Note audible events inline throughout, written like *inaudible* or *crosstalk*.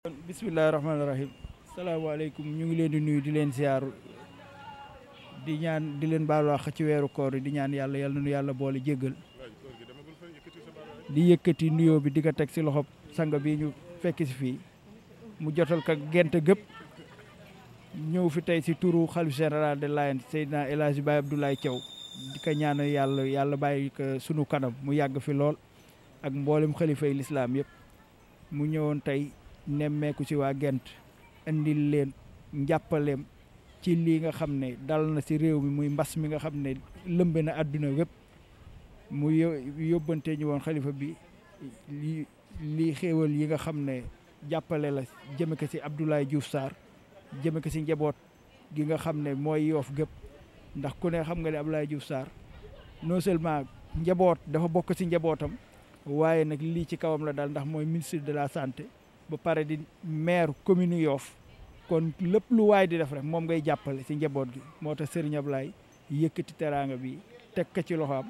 Bismillahirrahmanirrahim. Assalamualaikum. ñu ngi leen di nuyu di leen ziar di ñaan di leen baal wax ci wéru koor di ñaan yalla yalla nu boole jéggal di yëkëti nuyo bi di ko teg si loxo sang ñu fekk ci fi mu jotal ka gënte gëp ñëw fi tay ci turu xalif général de Layène Seydina elhadji Hadji Baye Abdoulaye Thiaw di ka ñaanal yalla yalla bàyyi ko sunu kanam mu yagg fi lool ak mbolim khalifa yi yëpp mu ñëwoon tay nemmeeku si waa gent indil leen njàppaleem ci lii nga xam ne dal na si réew mi muy mbas mi nga xam ne lëmbe na àdduna wépp muy yóbbante ñu woon xalifa bi li lii xéewal yi nga xam ne jàppale la jëme ko si Abdoulaye Diouf saar jëme ko si njaboot gi nga xam ne mooy yoof gépp ndax ku ne xam nga ne Abdoulaye Diouf saar non seulement njaboot dafa bokk si njabootam waaye nag lii ci kawam la daal ndax mooy ministre de la santé ba pare di maire commune yoof kon lépp lu waay di def rek moom ngay jàppale si njaboot gi moo tax Serigne Ablaye yëkkati teraanga bi teg ka ci loxo am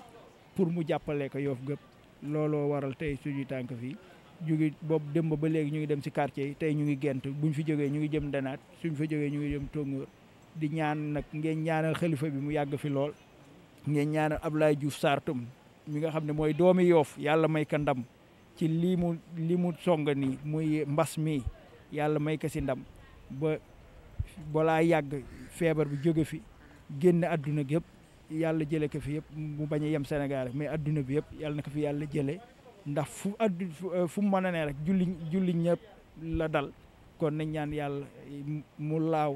pour mu jàppale ko Yoff gëpp looloo waral tey suñu tànk fii ñu ngi boobu ba léegi ñu ngi dem ci quartier tey ñu ngi gent buñ fi jógee ñu ngi jëm Danaat suñ fa jógee ñu ngi jëm Tóngoor di ñaan nag ngeen ñaanal xalifa bi mu yàgg fi lool ngeen ñaanal Ablaye Diouf Sarr tam mi nga xam ne mooy doomi yoof yàlla may ka ndam ci lii mu li mu song nii muy mbas mi yàlla may ko si ndam ba balaa yàgg feebar bi jóge fi génn adduna gi yëpp yàlla jële ko fi yëpp mu bañ yem Sénégal mais adduna bi yëpp yàlla na ko fi yàlla jëlee ndax fu addu euh, fu mu mën a ne rek julli julli ñëpp la dal kon nañ ñaan yàlla mu laaw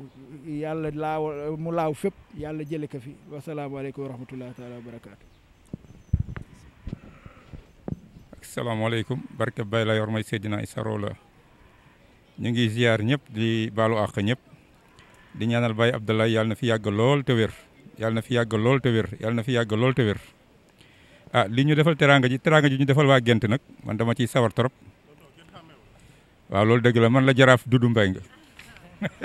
yàlla laaw mu laaw fépp yàlla jële ko fi wasalaamaaleykum wa rahmatullahi taala wa barakaatu salaamaaleykum barke bay la yor may Seydina Issa Rohou la ñu ngi ziar ñëpp di baalu àq ñëpp di ñaanal Baye Abdoulaye yàlla na fi yàgg lool te wér yàlla na fi yàgg lool te wér yàlla na fi yàgg lool te wér ah li ñu defal teraanga ji teraanga ji ñu defal waa Gént nag man dama ciy sawar trop waaw loolu dëgg la man la jaraaf Dudu Mbengue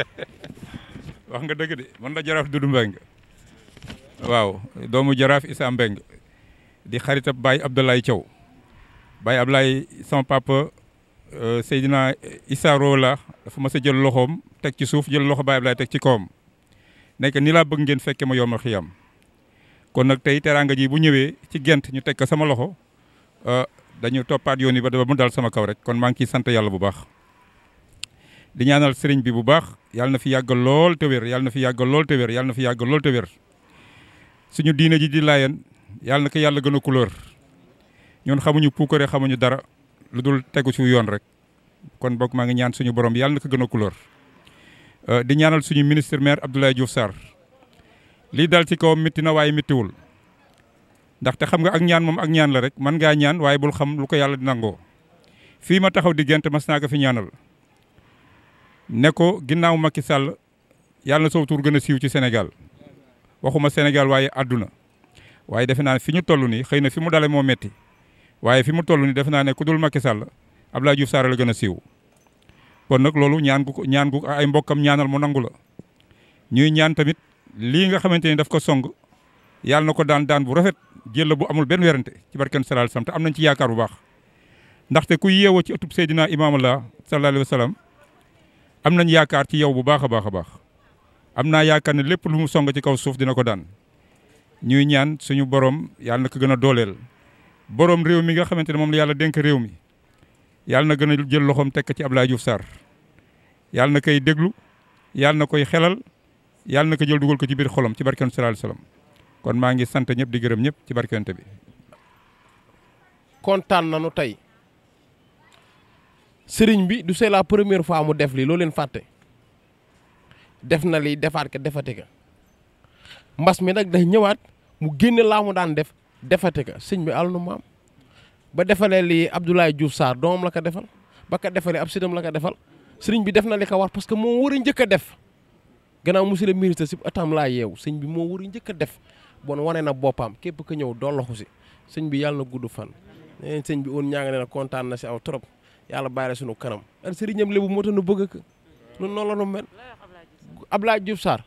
*laughs* wax nga dëgg de man la jaraaf Dudu Mbengue waaw doomu jaraaf Issa Mbengue di xaritab Baye Abdoulaye Thiaw Baye Ablaye sama papa euh, Seydina Issa Ro la dafa mës a jël loxoom teg ci suuf jël loxo Baye Ablaye teg ci kawam nekk ni laa bëgg ngeen fekke ma yom a am kon nag tey teraanga ji bu ñëwee ci gent ñu teg ko sama loxo euh, dañu toppaat yoon yi ba mu dal sama kaw rek kon maa ngi ciy sant yàlla bu baax. di ñaanal sëriñ bi bu baax yàlla na fi yàgg lool te wér yàlla na fi yàgg lool te wér yàlla na fi yàgg lool te wér suñu ji di laayeen yàlla na ko yàlla gën a couleur ñun xamuñu puukare xamuñu dara lu dul tegu ci yoon rek kon bokk maa ngi ñaan suñu borom yàlla na ko gën a couleur euh, di ñaanal suñu ministre maire Abdoulaye Diouf Sarr lii dal ci kawam mitti na waaye méttiwul ndaxte xam nga ak ñaan moom ak ñaan la rek man ngaa ñaan waaye bul xam lu ko yàlla di nangoo fii ma taxaw di gent mas fi ñaanal ne ko ginnaaw Macky sàll yàlla na soo tur gën a siiw ci Sénégal waxuma Sénégal waaye àdduna waaye defe naa fi ñu toll nii xëy na fi mu dale moo métti waaye fi mu toll ni def naa ne ku dul Macky Sall Abdoulaye Diouf Sarr la gën a siiw kon nag loolu ñaan gu ñaan gu ay mbokkam ñaanal mu nangu ñuy ñaan tamit lii nga xamante daf ko song yàlla na ko daan daan bu rafet jël bu amul benn werante ci barken salaal sam te am nañ ci yaakaar bu baax ndaxte ku yeewoo ci ëttub Seydina Allah sallallahu alayhi wa sallam am nañ yaakaar ci yow bu baax a baax a baax am naa yaakaar ne lépp lu mu song ci kaw suuf dina ko daan ñuy ñaan suñu borom yàlla na ko gën boroom réew mi nga xamante ne moom la yàlla dénk réew mi yàlla na gën jël loxoom teg ko ci Abdoulaye Diouf Sarr yàlla na koy déglu yàlla na koy xelal yàlla na ko jël dugal ko ci biir xolam ci barkeen sallallahu alayhi wasallam kon maa ngi sant ñëpp di gërëm ñëpp ci barkeente bi. kontaan na nañu tey sëriñ bi du c'est la première fois mu def lii loo leen fàtte def na lii defaat ka defate ka mbas mi nag day ñëwaat mu génne laa mu daan def defate ka sëñ bi àll nu maam ba defalee li Abdoulaye Diouf Sarr doomam la ko defal ba ka defalee ab sidam la ko defal sëriñ bi def na li ko war parce que moo war a njëkk def gannaaw monsieur le ministre si atam laa yeewu sëñ bi moo war a njëkk a def bon wane na boppam képp ku ñëw dollaxu si sëñ bi yàlla na gudd fan. nee sëñ bi woon ñaa nga ne kontaan na si aw trop yàlla bàyyi la sunu kanam ak sëriñam lébu moo tax nu bëgg ko noonu noonu la nu mel Abdoulaye Diouf Sarr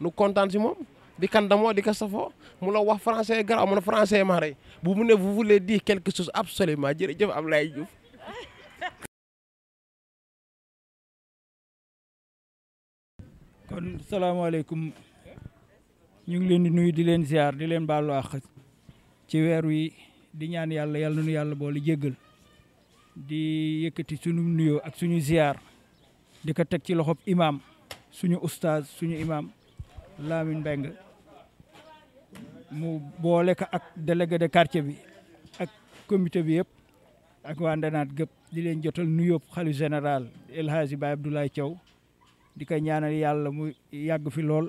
nu kontan si mom di kan damoo di ko safoo mu la wax français garaaw mu France français maa rey bu mu ne vous voulez dire quelque chose absolument am lay Diouf kon alaykum ñu ngi leen di nuyu di leen ziar di leen balu ak ci wi di ñaan yalla nuyu nu bo li jéggal di yëkëti suñu nuyu ak suñu ziar di ko tek ci loxop imam suñu oustaz suñu imam Lamine Mbengue mu boole ko ak délégué de quartier bi ak comité bi yëpp ak waa Ndenaat gëpp di leen jotal nuyoo xalifa général El Hadji Baye Abdoulaye Thiaw di ko ñaanal yàlla mu yàgg fi lool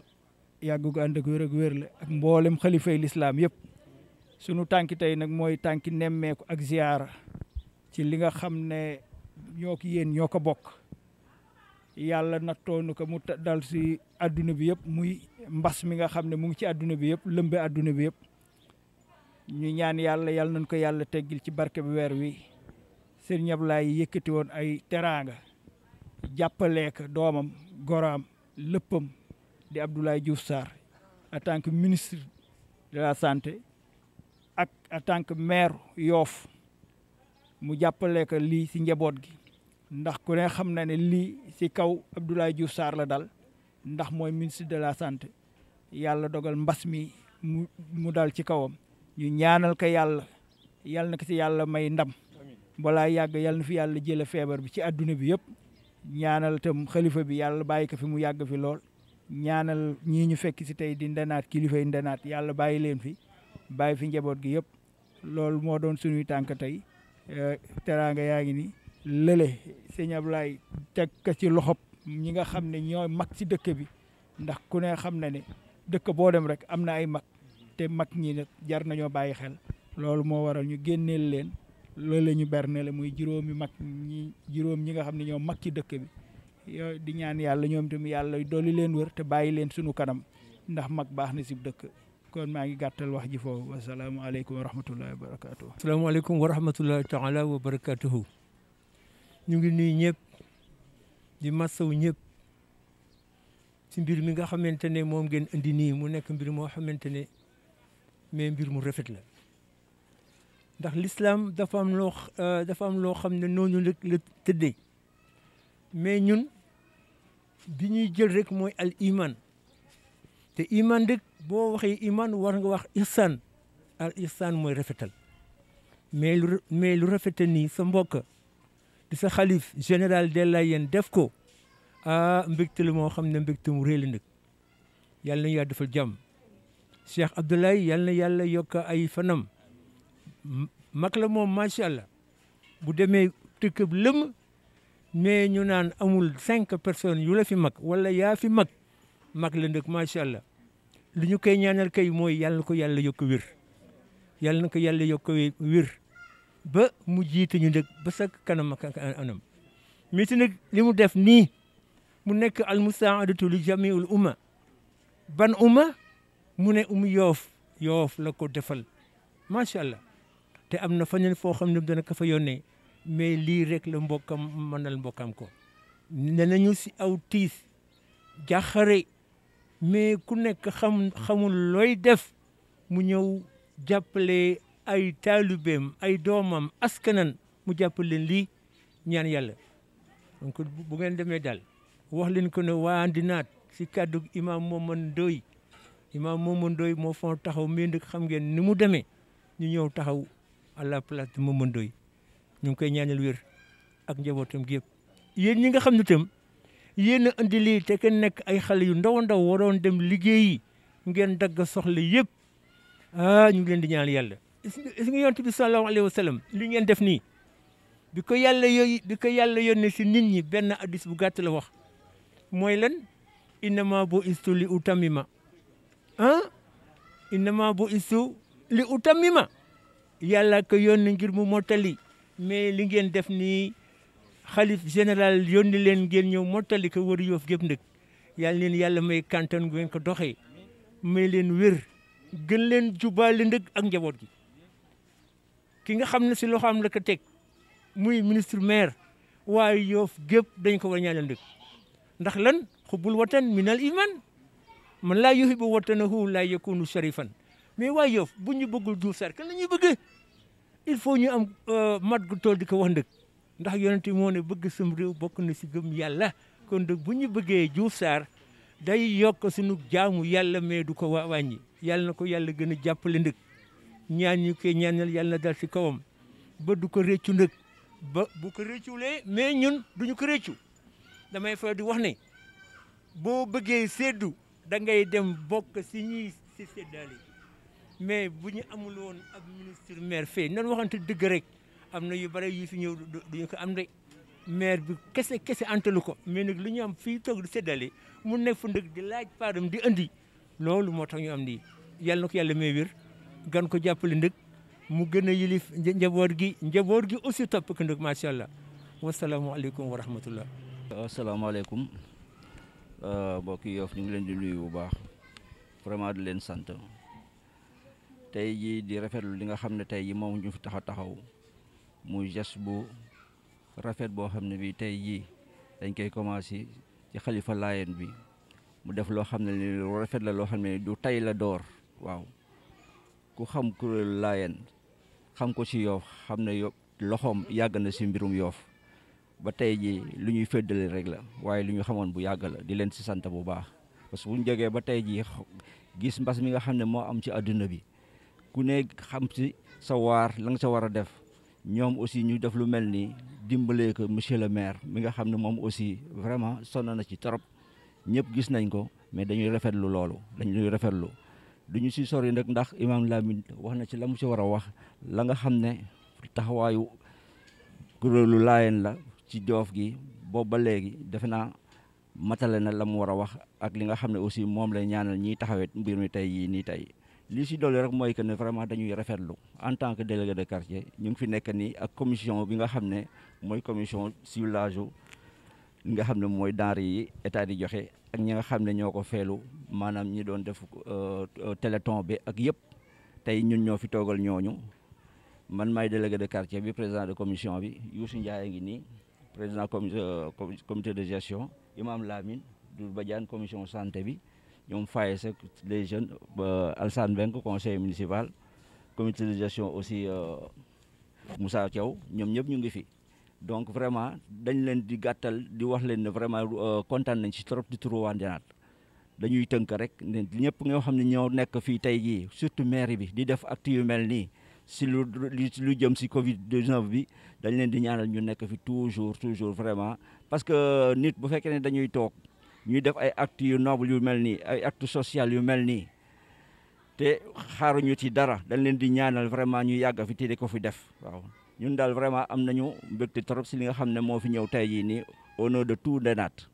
yàgg gu ànd ak wér ak wér la ak mboolem xalifay lislaam yëpp sunu tànki tey nag mooy tànki nemmeeku ak ziyaara ci li nga xam ne ñoo ko yéen ñoo ko bokk yàlla nattoonu ko mu dal àdduna bi yëpp muy mbas mi nga xam ne mu ngi ci àdduna bi yëpp lëmbe àdduna bi yëpp ñu ñaan yàlla yàlla nañ ko yàlla teggil ci barke bi weer wi Sëriñ Ablaay yëkkati woon ay teraanga jàppalee ko doomam goraam léppam di Abdoulaye Diouf Sarr en ministre de la santé ak en tant que maire mu jàppalee ko lii si njaboot gi ndax ku ne xam na ne lii si kaw Abdoulaye Diouf Sarr la dal ndax moy ministre de la santé yalla dogal mbas mi mu dal ci kawam ñu ñaanal ka yalla yalla na ci yalla may ndam balaa yag yalla na fi yalla jël fièvre bi ci aduna bi yépp ñaanal tam khalifa bi yalla bayyi ko fi mu yag fi lool ñaanal ñi ñu fekk ci tay di ndenaat kilifa yi ndenaat yalla bayyi leen fi bayyi fi njabot gi yépp lool mo doon suñu tank tay eh, teraanga yaa ni lele sëñ Ablaye tek ci loxop ñi nga xam ne ñoo mag si dëkk bi ndax ku ne xam na ne dëkk boo dem rek am na ay mag te mag ñi nag jar nañoo bàyyi xel loolu moo waral ñu génneel leen loolu la ñu bernele muy juróomi mag ñi juróom ñi nga xam ne ñoo mag ci dëkk bi yooyu di ñaan yàlla ñoom tamit yàlla dolli leen wër te bàyyi leen sunu kanam ndax mag baax na si dëkk kon maa ngi gàttal wax ji foofu wasalaamaaleykum wa rahmatullahi wa barakatuhu asalaamaaleykum wa rahmatullahi taala wa barakatuhu ñu ngi nuyu ñëpp di wu ñëpp ci mbir mi nga xamante ne moom ngeen indi nii mu nekk mbir moo xamante ne mais mbir mu rafet la ndax lislaam dafa am loo euh, dafa am loo xam ne noonu rek la tëddee mais ñun bi ñuy jël rek mooy al iman te iman rek boo waxee iman war nga wax ihsan al ihsan mooy rafetal mais lu mais nii sa mbokk di sa xalif général des Layènes def ko ah mbégte moo xam ne mbégte mu réel nag yàlla na yàlla defal jàmm Cheikh Abdoulaye yàlla na yàlla yokk ay fanam mag la moom macha allah bu demee tëkkëb lëm mais ñu naan amul cinq personnes yu fi mag wala yaa fi mag mag la nag macha allah li ñu koy ñaanal kay mooy yàlla na ko yàlla yokk wér yàlla na ko yàlla yokk wér. ba mu jiite ñu nag ba sa kanam ak anam mais si nag li mu def nii mu nekk al musaadatu li jamiul umma ban umma mu ne um yoof yoof la ko defal macha allah te am na fañen foo xam ne dana ko fa yónnee mais lii rek la mbokkam mënal mbokkam ko ne nañu si aw tiis jaxare mais ku nekk xam xamul looy def mu ñëw jàppale ay taalibeem ay doomam askanan mu jàppal leen lii ñaan yàlla donc bu ngeen demee daal wax leen ko ne waa Andinaat si kàddu imaam Momane Ndoye imaam Momane Ndoye moo fon taxaw mais nag xam ngeen ni mu demee ñu ñëw taxaw à la place de Momane Ndoye ñu ngi koy ñaanal wér ak njabootam gi yëpp. yéen ñi nga xam ne tam yéen a indi lii te kenn nekk ay xale yu ndaw ndaw waroon dem liggéeyi ngeen dagg soxla yëpp ah ñu ngi leen di ñaan yàlla. gis nga yonent bi sallallahu alayhi wa li ngeen def nii bi ko yàlla yooyu bi ko yàlla yónnee si nit ñi benn addis bu gàtt la wax mooy lan innama bu istu li utamima ah innama bu istu li utamima yàlla ko yónni ngir mu mottali mais li ngeen def nii xalif général yónni leen ngeen ñëw mottali ko wër yoof gépp nag yàlla leen yàlla may kantan ngeen ko doxee may leen wér gën leen jubaale ndëg ak njaboot gi ki nga xam ne si loo loxoom la ko teg muy ministre maire waaye yof gépp dañ ko war a ñaanal dëkk ndax lan xubbul watan minal iman man laa yuhibbu watanahu laa yakunu sharifan mais waaye yoof bu ñu bëggul Diouf Sarr kan la ñuy bëgg il faut ñu am euh, mat gu tool di ko wa ndëkk ndax yonente moo ne bëgg sum réew bokk na si gëm yàlla kon dëgg bu ñu bëggee Diouf Sarr day yokk suñu jaamu yàlla mais du ko wàññi yàlla na ko yàlla gën a jàppale ñaan ñu koy ñaanal yàlla na dal ci kawam ba du ko reccu nag ba bu ko récculee mais ñun duñu ko réccu damay fa di wax ne boo bëggee séddu da ngay dem bokk si ñuy si séddaale mais bu ñu amul woon ak ministre maire fee nan waxante dëgg rek am na yu bare yu fi ñëw duñu ko am de maire bi kese kese antalu ko mais nag lu ñu am fi toog di séddale mu nekk fu ndëg di laaj paadam di andi loolu moo tax ñu am nii yàlla na ko yàlla may wér gan ko jappale ndëg mu gën a yilif njaboot gi njaboot gi aussi topp ko ndëg macha allah alaykum wa rahmatullah alaykum euh, mbokk yi yoof ñu ngi leen di nuyu bu baax vraiment di leen sant tey jii di rafetlu li nga xam ne tey jii moom ñu fi tax taxaw muy geste bu rafet boo xam ne bii tey dañ koy commencé ci xalifa bi mu def loo xam ne lu rafet la loo xam ne du tey la door waaw ku xam kuréel laayeen xam ko ci yoof xam ne yo loxoom yàgg na ci mbirum yoof ba tey ji lu ñuy féddale rek la waaye lu ñu xamoon bu yàgg la di leen ci sant bu baax parce que bu ñu ba tey ji gis mbas mi nga xam ne moo am ci àdduna bi ku ne xam ci sa waar la nga sa war a def ñoom aussi ñu def lu mel ni dimbalee ko monsieur le maire mi nga xam ne moom aussi vraiment sonn na ci trop ñëpp gis nañ ko mais dañuy rafetlu loolu dañuy rafetlu duñu si sori nag ndax imaam Lamine wax na ci la mu si war a wax la nga xam ne taxawaayu kuréelu laayeen la ci joof gi boobu ba léegi defe naa matale na la mu war a wax ak li nga xam ne aussi moom lay ñaanal ñiy taxawet mbir mi tey yii nii tey li si dolli rek mooy que ne vraiment dañuy rafetlu en tant que délégué de quartier ñu ngi fi nekk nii ak commission bi nga xam ne mooy commission ciblage li nga xam ne mooy denrée yi état di joxe ak ñi nga xam ne ñoo ko feelu maanaam ñi doon def euh, euh, téléthon bi ak yëpp tey ñun ñoo fi toogal ñooñu man maay délégué de quartier bi président de commission bi Youssou Ndiaye ngi nii président euh, comité de gestion Imam Lamine Dour Badiane commission santé bi ñoom Faye Seck les jeunes Alsane Benk conseil municipal comité de gestion aussi Moussa Thiaw ñoom ñëpp ñu ngi fi donc vraiment dañ leen di gàttal di wax leen ne vraiment euh, kontaan nañ ci trop di turu waa Ndenaat dañuy tënk rek ne ñëpp nga xam ne ñoo nekk fii tey jii surtout mairie bi di def acte yu mel nii si lu lu jëm si Covid 19 bi dañ leen di ñaanal ñu nekk fi toujours toujours vraiment parce que euh, nit bu fekkee ne dañuy toog ñuy def ay actes yu noble yu mel nii ay actes social yu mel nii te xaaruñu ci dara dañ leen di ñaanal vraiment ñu yàgg fi te di ko fi def waaw. ñun daal vraiment am nañu mbégte trop si li nga xam ne moo fi ñëw tey jii nii au nom de tout Ndenate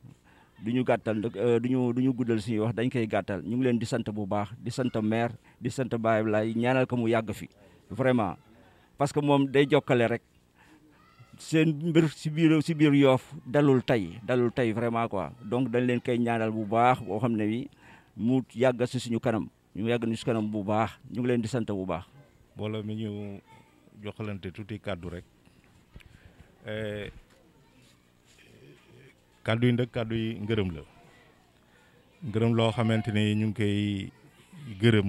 du ñu gàttal euh, du ñu du ñu guddal suñuy wax dañ koy gàttal ñu ngi leen di sant bu baax di sant maire di sant Baye Laay ñaanal ko mu yàgg fi vraiment parce que moom day jokkale rek seen mbir si biir si biir yoof dalul tey dalul tey vraiment quoi donc dañ leen koy ñaanal bu baax boo xam ne bi mu yàgg si suñu kanam ñu yàgg ni suñu kanam bu baax ñu ngi leen di sant bu baax. joxalante tuuti kàddu rek eh, kàddu yi nag kàddu yi ngërëm la ngërëm loo xamante ni ñu ngi koy gërëm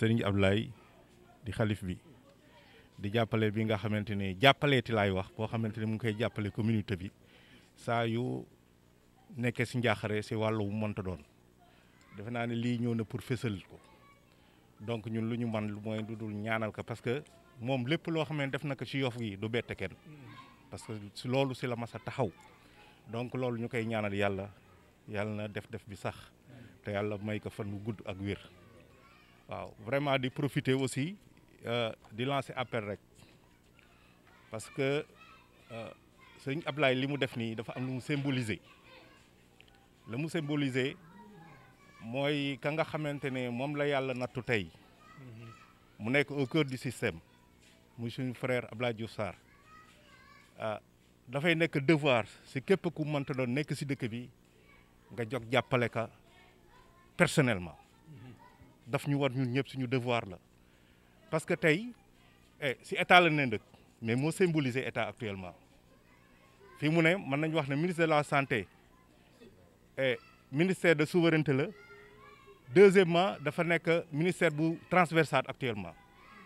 ab Ablaye di xalif bi di jàppale bi nga xamante ni jàppalee ti lay wax boo xamante ni mu ngi koy jàppale communauté bi saa yu nekkee si njaaxare si wàllu mënta doon defe naa ne lii ñëw na pour ko donc ñun lu ñu man mooy lu dul ñaanal ko parce moom lépp loo xam ne def na ko ci Yoff gi du bette kenn parce que si loolu si la mas a taxaw donc loolu ñu koy ñaanal yàlla yàlla na def-def bi sax te yàlla may ko fan wu gudd ak wér waaw vraiment di profité aussi euh, di lancer appel rek parce que euh, sëñ Ablaye li mu def nii dafa am lu mu symboliser la mu symboliser mooy ka nga xamante ne moom la yàlla nattu tey mu nekk au cœur du système muy suñu frère Abla il Sarr a ah, dafay nekk devoir si képp ku mënta doon nekk si dëkk bi nga jog jàppale ka personnellement daf ñu war ñun ñëpp suñu devoir parce que tey eh, si état la ne mais moo symboliser état actuellement Si mu ne mën nañ wax ne ministre de la santé et eh, ministère de la souveraineté la deuxièmement dafa nekk ministère bu transversal actuellement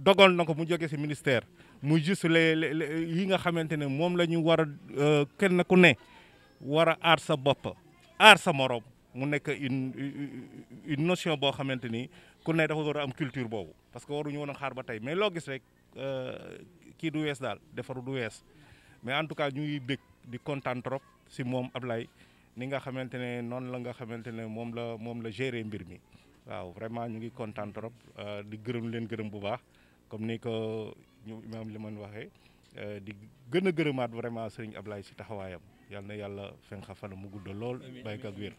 dogal na ko mu jóge si ministère muy juste les yi nga xamante ne moom la ñu war a euh, kenn ku ne war a aar sa bopp aar sa morom mu nekk une une notion boo xamante ni ku ne dafa war a am culture boobu parce que waruñu woon a xaar ba tey mais loo gis rek euh, kii du wees daal defaru du wees mais en tout cas ñu ngi bëgg di kontaan si moom Ablaye ni nga xamante ne noonu la nga xamante ne moom la moom la gérer mbir mi waaw vraiment ñu ngi kontaan trop euh, di gërëm leen gërëm bu baax. comme ni ko ñu imaam li man waxee euh, di gën a gërëmaat vraiment sëriñ Ablaye si taxawaayam yàlla na yàlla fenxa fana mu gudd lool baykat ak wér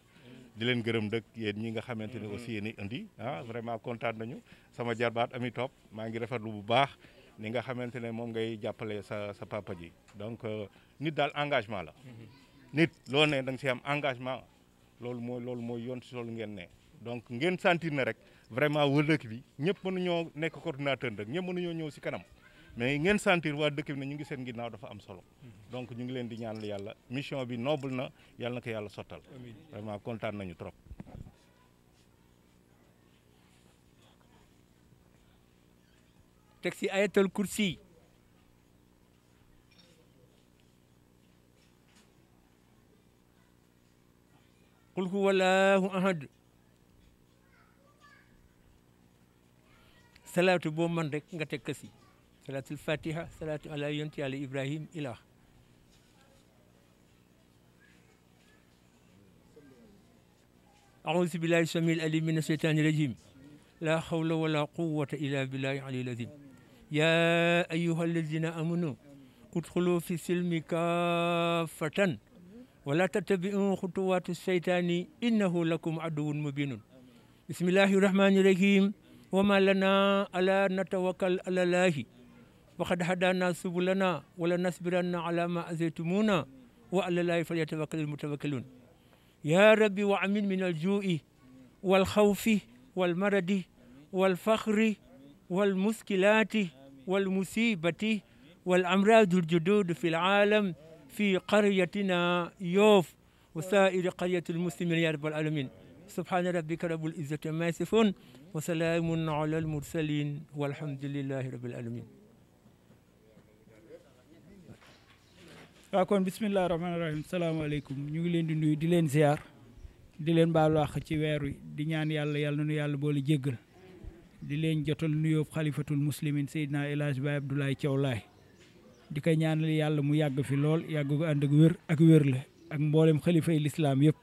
di leen gërëm dëkk yéen ñi nga xamante ne mm-hmm. aussi yéen indi ah vraiment kontaan nañu sama jarbaat ami topp maa ngi rafetlu bu baax ni nga xamante ne moom ngay jàppale sa sa papa ji donc euh, nit daal engagement la mm-hmm. nit loolu ne da nga si am engagement loolu mooy loolu mooy yoon si loolu ngeen ne donc ngeen sentir ne rek vraiment wa dëkk bi ñëpp ñoo nekk coordinateur rek ñëpp ñoo ñëw si kanam mais ngeen sentir wa dëkk bi ne ñu ngi seen ginnaaw dafa am solo donc ñu ngi leen di ñaanal yàlla mission bi noble na yàlla na ko yàlla sottal vraiment kontaan nañu trop taxi ayatul kursi qul huwa allahu ahad salaatu boo mën rek nga teg kasi salaatul fatiha salaatu ala yonti yàlla ibrahim ilah أعوذ بالله السميع العليم من الشيطان الرجيم لا حول ولا قوة إلا بالله العلي العظيم يا أيها الذين آمنوا ادخلوا في السلم كافة ولا تتبعوا خطوات الشيطان إنه لكم عدو مبين بسم الله الرحمن الرحيم وما لنا ألا نتوكل على الله وقد هدانا سبلنا ولنصبرن على ما أذيتمونا وعلى الله فليتوكل المتوكلون يا ربي وعمل من الجوع والخوف والمرض والفخر والمشكلات والمصيبة والأمراض الجدود في العالم في قريتنا يوف وسائر قرية المسلمين يا رب العالمين سبحان ربك رب العزة ما يصفون وسلام على المرسلين والحمد لله رب العالمين waaw kon bisimilah rahmaani rahiim salaamaaleykum ñu ngi leen di nuyu di leen ziar di leen baalu àq ci weer wi di ñaan yàlla yàlla nu yàlla boole jéggal di leen jotal nuyoo xalifatul muslimin Seydina El Hadj Baye Abdoulaye di ko ñaanal yàlla mu yàgg fi lool yàgg ko ànd ak wér ak wér la ak mboolem xalifay lislaam yëpp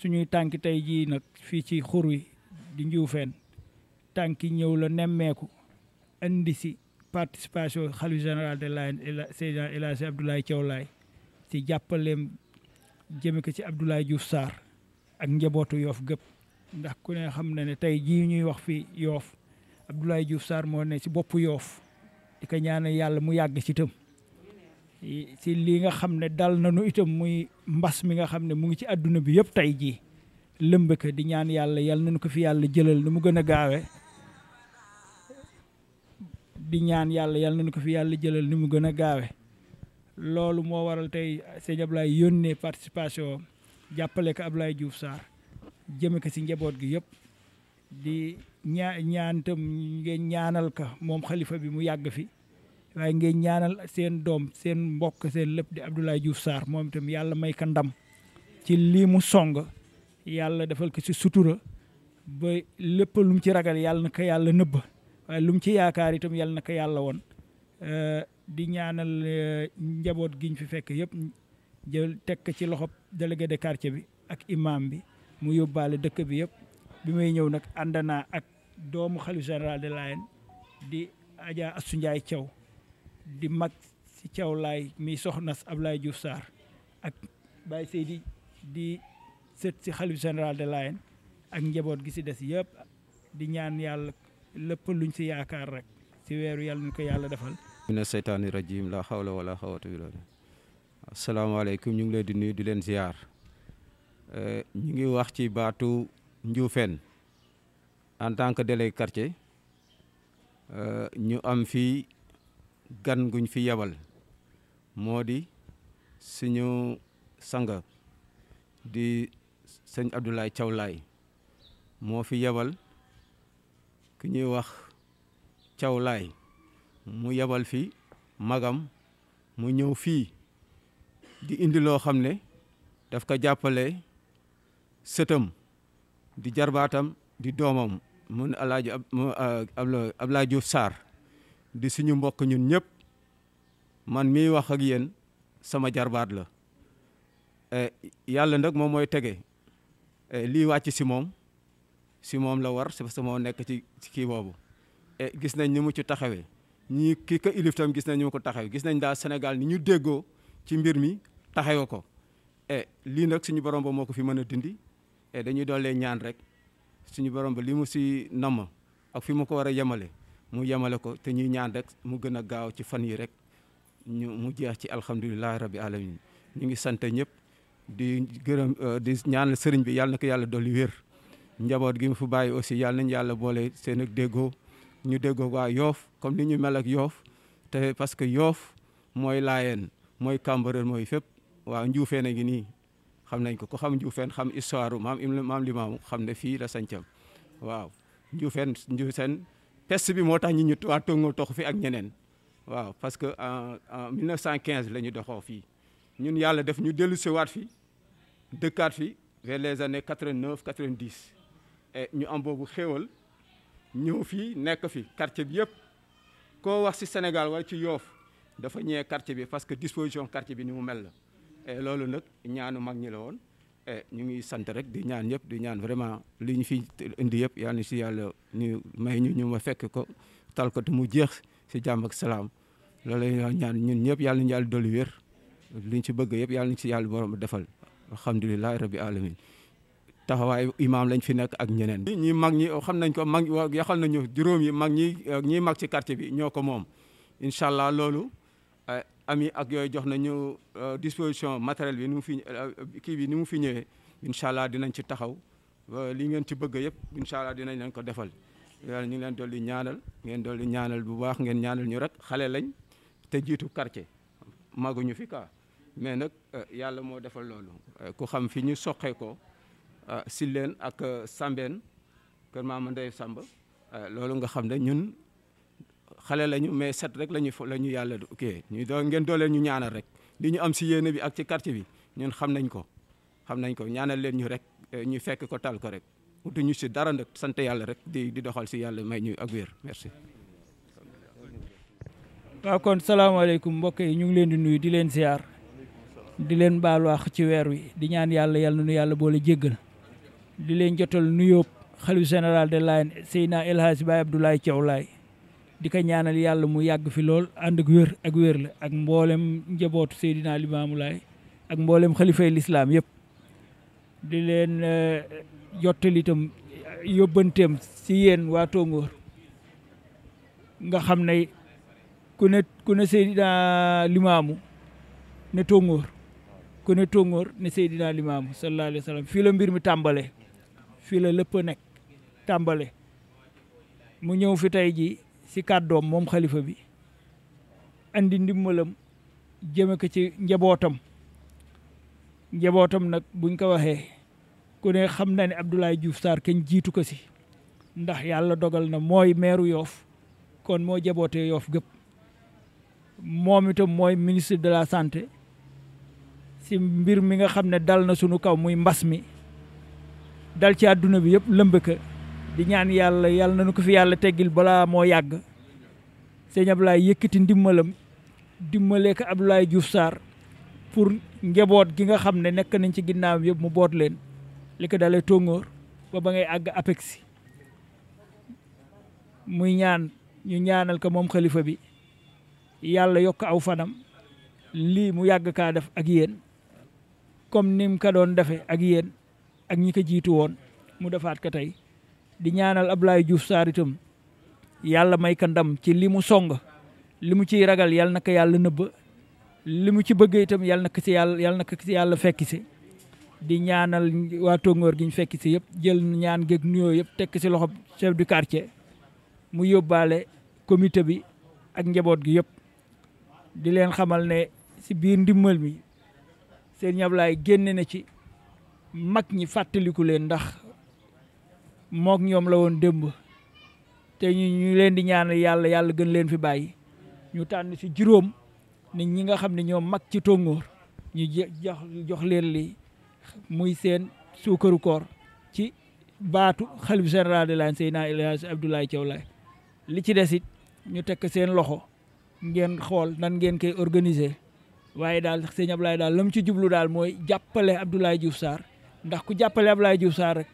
suñuy tànk tey jii nag fii ci xur wi di Njuufeen tànki ñëw la nemmeeku indi si participation xalifa général de Layène Seydina El Hadji Abdoulaye Thiaw Laye si jàppaleem jëme ko ci Abdoulaye Diouf Sarr ak njabootu yoof gëpp ndax ku ne xam na ne tey jii ñuy wax fi yoof Abdoulaye Diouf Sarr moo ne si bopp yoof di ko yàlla mu yàgg si itam si lii nga xam ne dal na nu itam muy mbas mi nga xam ne mu ngi ci àdduna bi yëpp tey jii lembek di ñaan yàlla yal nañu ko fi yàlla jëlal nu mu gën a gaawe di ñaan yàlla yal nañu ko fi yàlla jëlal nu mu gën a loolu moo waral tey sëñ Ablaye yónnee participation jàppale ko Ablaye Diouf Sarr jëme ko si njaboot gi yëpp di ñaa ñaan tam ngeen ka moom xalifa bi mu yàgg fi waaye ngeen ñaanal seen doom seen mbokk seen lépp di Abdoulaye Diouf Sarr moom itam yàlla may ka ndam ci lii mu song yàlla defal ko ci sutura ba lépp lu mu ci ragal yàlla na ko yàlla nëbb waaye lu mu ci yaakaar itam yàlla na ko yàlla woon di ñaanal e, njaboot giñ fi fekk yëpp jël teg ci loxo délégué de quartier bi ak imam bi mu yóbbaale dëkk bi yëpp bi may ñëw nag ànd ak doomu xalu général de Layen di Adja Astou Ndiaye Thiaw di mag ci Thiaw laay mi soxnas Ablaye Diouf Sarr ak Baye Seydi di set ci xalif general de line ak njabot gi ci dess yeb di ñaan yalla lepp luñ ci yaakar rek ci wéru yalla ñu ko yalla defal min shaytanir rajim la hawla wala xawatu illa billah assalamu alaykum ñu ngi lay di nuyu di len ziar euh ñu ngi wax ci baatu Njuufeen en tant que délégué quartier euh ñu am fii gan guñ fi yabal modi suñu sanga di sëñ Abdoulaye Thiaw moo fi yebal ki ñuy wax Thiaw Laye mu yebal fi magam mu ñëw fii di indi loo xam ne daf ko jàppale sëtam di jarbaatam di doomam mun alaaji Abdoulaye Diouf Sarr di suñu mbokk ñun ñëpp man miy wax ak yéen sama jarbaat la eh, yàlla nag moom mooy tege Eh, lii wàcc si moom si moom la war parce que moo nekk ci ci kii boobu eh, gis nañ ni mu ci taxawee ñii kii ko ilif tam gis nañ ni mu ko taxawee gis nañ daal senegal ni ñu déggoo ci mbir mi taxawee ko eh, lii nag suñu borom ba moo ko fi mën a dindi dañuy doole ñaan rek suñu borom ba lii mu si namm ak fi mu ko war a yemale mu yemale ko te ñuy ñaan rek mu gën a gaaw ci fan yi rek ñu mu jeex ci alhamdulilahi rabbi alamin ñu ngi sant ñëpp di gërëm euh, di ñaan sëriñ bi yàlla na ko yàlla dolli wér njaboot gi mu fi bàyyi aussi yàlla nañu yàlla boole seen ak déggoo ñu déggoo waa yoof comme ni ñu mel yoof te parce que yoof mooy laayeen mooy Cambérène mooy fépp waaw njuufeen a ngi nii xam nañ ko ko xam njuufeen xam histoire maam maam limaamu xam ne fii la sancam waaw njuufeen njuufeen peste bi moo tax ñu ñu waa Tongo tox fi ak ñeneen waaw parce que en en 1915 la ñu doxoo fii ñun yàlla def ñu dellu siwaat fi dëkkaat fi vers les années 89 90 et ñu am boobu xéewal ñëw fii nekk fi quartier bi yëpp koo wax si Sénégal wala ci Yoof dafa ñëwee quartier bi parce que disposition quartier bi ni mu mel la et loolu nag ñaanu mag ñi la woon et ñu ngi sant rek di ñaan yëpp di ñaan vraiment li ñu fi indi yëpp yal na si yàlla ñu may ñu ñu ma fekk ko tal ko te mu jeex si jàmm ak salaam loolu la ñaan ñun ñëpp yàlla nañu yàlla dolli wér. liñ ci bëgg yëpp yàlla ñu ci yàlla borom defal alhamdulilah rabbi alamin taxawaay imaam lañ fi nekk ak ñeneen. ñi mag ñi xam nañ ko mag yaxal nañu juróom yi mag ñi ñi mag ci quartier bi ñoo ko moom incha allah loolu eh, ami ak yooyu jox nañu eh, disposition matériel bi ni mu fi eh, kii bi ni mu fi ñëwee incha allah dinañ ci taxaw lii ngeen ci bëgg yëpp incha allah dinañ leen ko defal yàlla ñu ngi leen dolli ñaanal ngeen dolli ñaanal bu baax ngeen ñaanal ñu rek xale lañ te jiitu quartier maguñu fi ka mais nag euh, yàlla moo defal loolu euh, ku xam fi ñu soqee ko euh, leen ak Sambeen kër maama Ndeye Samba loolu nga xam ne ñun xale lañu mais set rek lañu la ñu yàlla ok ñu doo ngeen doo leen ñu ñaanal rek li ñu am si yéene bi ak ci karti bi ñun xam nañ ko xam nañ ko ñaanal leen ñu rek ñu fekk ko taal ko rek utu ñu si dara nag sant yàlla rek di di doxal si yàlla may ñu ak wér merci. waaw kon salaamaaleykum mbokk yi ñu ngi leen di nuyu di leen ziar. di leen baalu àq ci weer wi di ñaan yàlla yàlla nu yàlla boole jéggal di leen jotal nuyoo xalif général de Layène Seydina El Hadji Baye Abdoulaye Thiaw di ko ñaanal yàlla mu yàgg fi lool ànd ak wér ak wér la ak mboolem njabootu Seydina Limaamu Laay ak mboolem xalifay lislaam yëpp di leen eh, jottali itam eh, yóbbanteem si yéen waa Tóngoor nga xam ne ku ne ku ne Seydina Limaamu ne Tóngoor kon ne tongoor ne Seydina Limaamu sallallahu alayhi wa sallam fii la mbir mi tàmbale fii la lëpp nekk tàmbale mu ñëw fi tey ji si kàddoom moom xalifa bi andi ndimbalam jëme ko ci njabootam njabootam nag buñ ko waxee ku ne xam naa ni Abdoulaye Diouf Sarr kenn jiitu ko si ndax yàlla dogal na mooy meeru yoof kon moo jabootee yoof gëpp moom itam mooy ministre de la santé si mbir mi nga xamne dal na sunu kaw muy mbass mi dal ci aduna bi yep lembe ka di ñaan yalla yalla nañu ko fi yalla teggil bala mo yag seigne abdoulay yekiti ndimbalam dimbalee ko abdoulay Diouf sar pour njaboot gi nga xamne nek nañ ci ginnaw yep mu boot len li ko tongor ba ba ngay ag APEX muy ñaan ñu ñaanal ko mom khalifa bi yalla yok aw fanam li mu yag ka def ak yéen comme nim ka doon defee ak yéen ak ñi ko jiitu woon mu defaat ko tey di ñaanal Abdoulaye Diouf Sarr itam yàlla may ko ndam ci li mu song li mu ciy ragal yàlla na ko yàlla nëbb li mu ci bëgg itam yàlla na ko si yàlla yàlla na si yàlla fekki si di ñaanal waa Tóngoor gi ñu fekki si yëpp jël ñaan geeg nuyoo yëpp tekk si loxo chef du quartier mu yóbbaale comité bi ak njaboot gi yëpp di leen xamal ne si biir ndimmal mi sëñ Ablaye génne na ci mag ñi fàttaliku leen ndax mook ñoom la woon démb te ñu ñu leen di ñaan yàlla yàlla gën leen fi bàyyi ñu tànn si juróom nit ñi nga xam ne ñoom mag ci tóngoor ñu jox jox leen li muy seen suukaru koor ci baatu xalif général de laan Seydina El Hadji Abdoulaye Thiaw li ci des it ñu tekk seen loxo ngeen xool nan ngeen koy organiser waaye daal sëñ Ablaye daal la mu ci jublu daal mooy jàppale Abdoulaye Diouf Sarr ndax ku jàppale Abdoulaye Diouf Sarr rek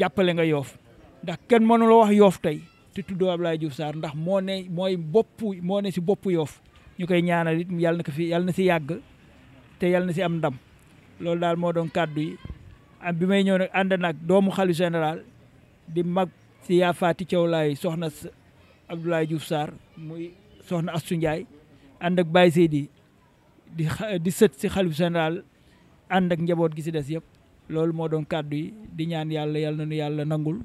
jàppale nga yoof ndax kenn mënu wax yoof tey te tuddoo Abdoulaye Diouf Sarr ndax moo ne mooy bopp moo ne si bopp yoof ñu koy ñaanal it yàlla na ko fi yàlla na si yàgg te yàlla na si am ndam loolu daal moo doon kàddu yi bi may ñëw nag ànd nag doomu xalifa général di mag si yaa faati laay soxna Abdoulaye Diouf Sarr muy soxna Astou Ndiaye ànd ak Baye Seydi di di sët si xalif général ànd ak njaboot gi si des yëpp loolu moo doon kàddu yi di ñaan yàlla yàlla na nu yàlla nangul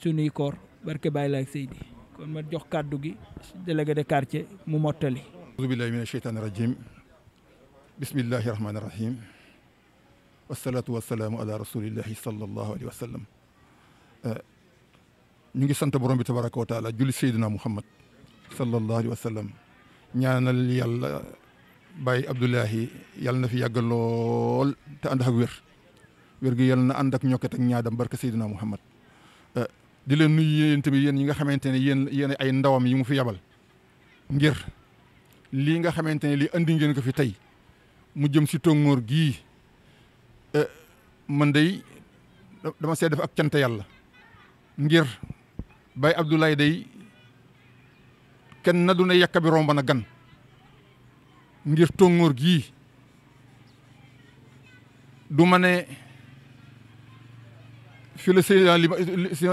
sunuy koor barke Baye Laye ak Seydi kon ma jox kàddu gi délégué de quartier mu mottali. auzu billahi mina sheytaani rajim bismillahi rahmaani rahim wasalaatu wasalaamu ala rasulillahi sallallahu alayhi wa sallam ñu ngi sant borom bi tabaraka wa taala julli Seydina Muhammad sallallahu alayhi wa sallam ñaanal yàlla. Baye Abdoulahi yàlla na fi yàgg lool te ànd ak wér wér gi yàlla na ànd ak ñokket ak ñaadam barka Seydina Muhammad eh, di leen nuyu yéen yi yéen ñi nga xamante ne yéen yéen ay ndawam yi mu fi yabal ngir lii nga xamante ne lii andi ngeen ko fi tey mu jëm si tóngoor gii eh, man day dama see def ak cant yàlla ngir bay Abdoulahi day kenn na du ne yàkka bi na gan ngir tongor gi du mané ne fi le seyna limam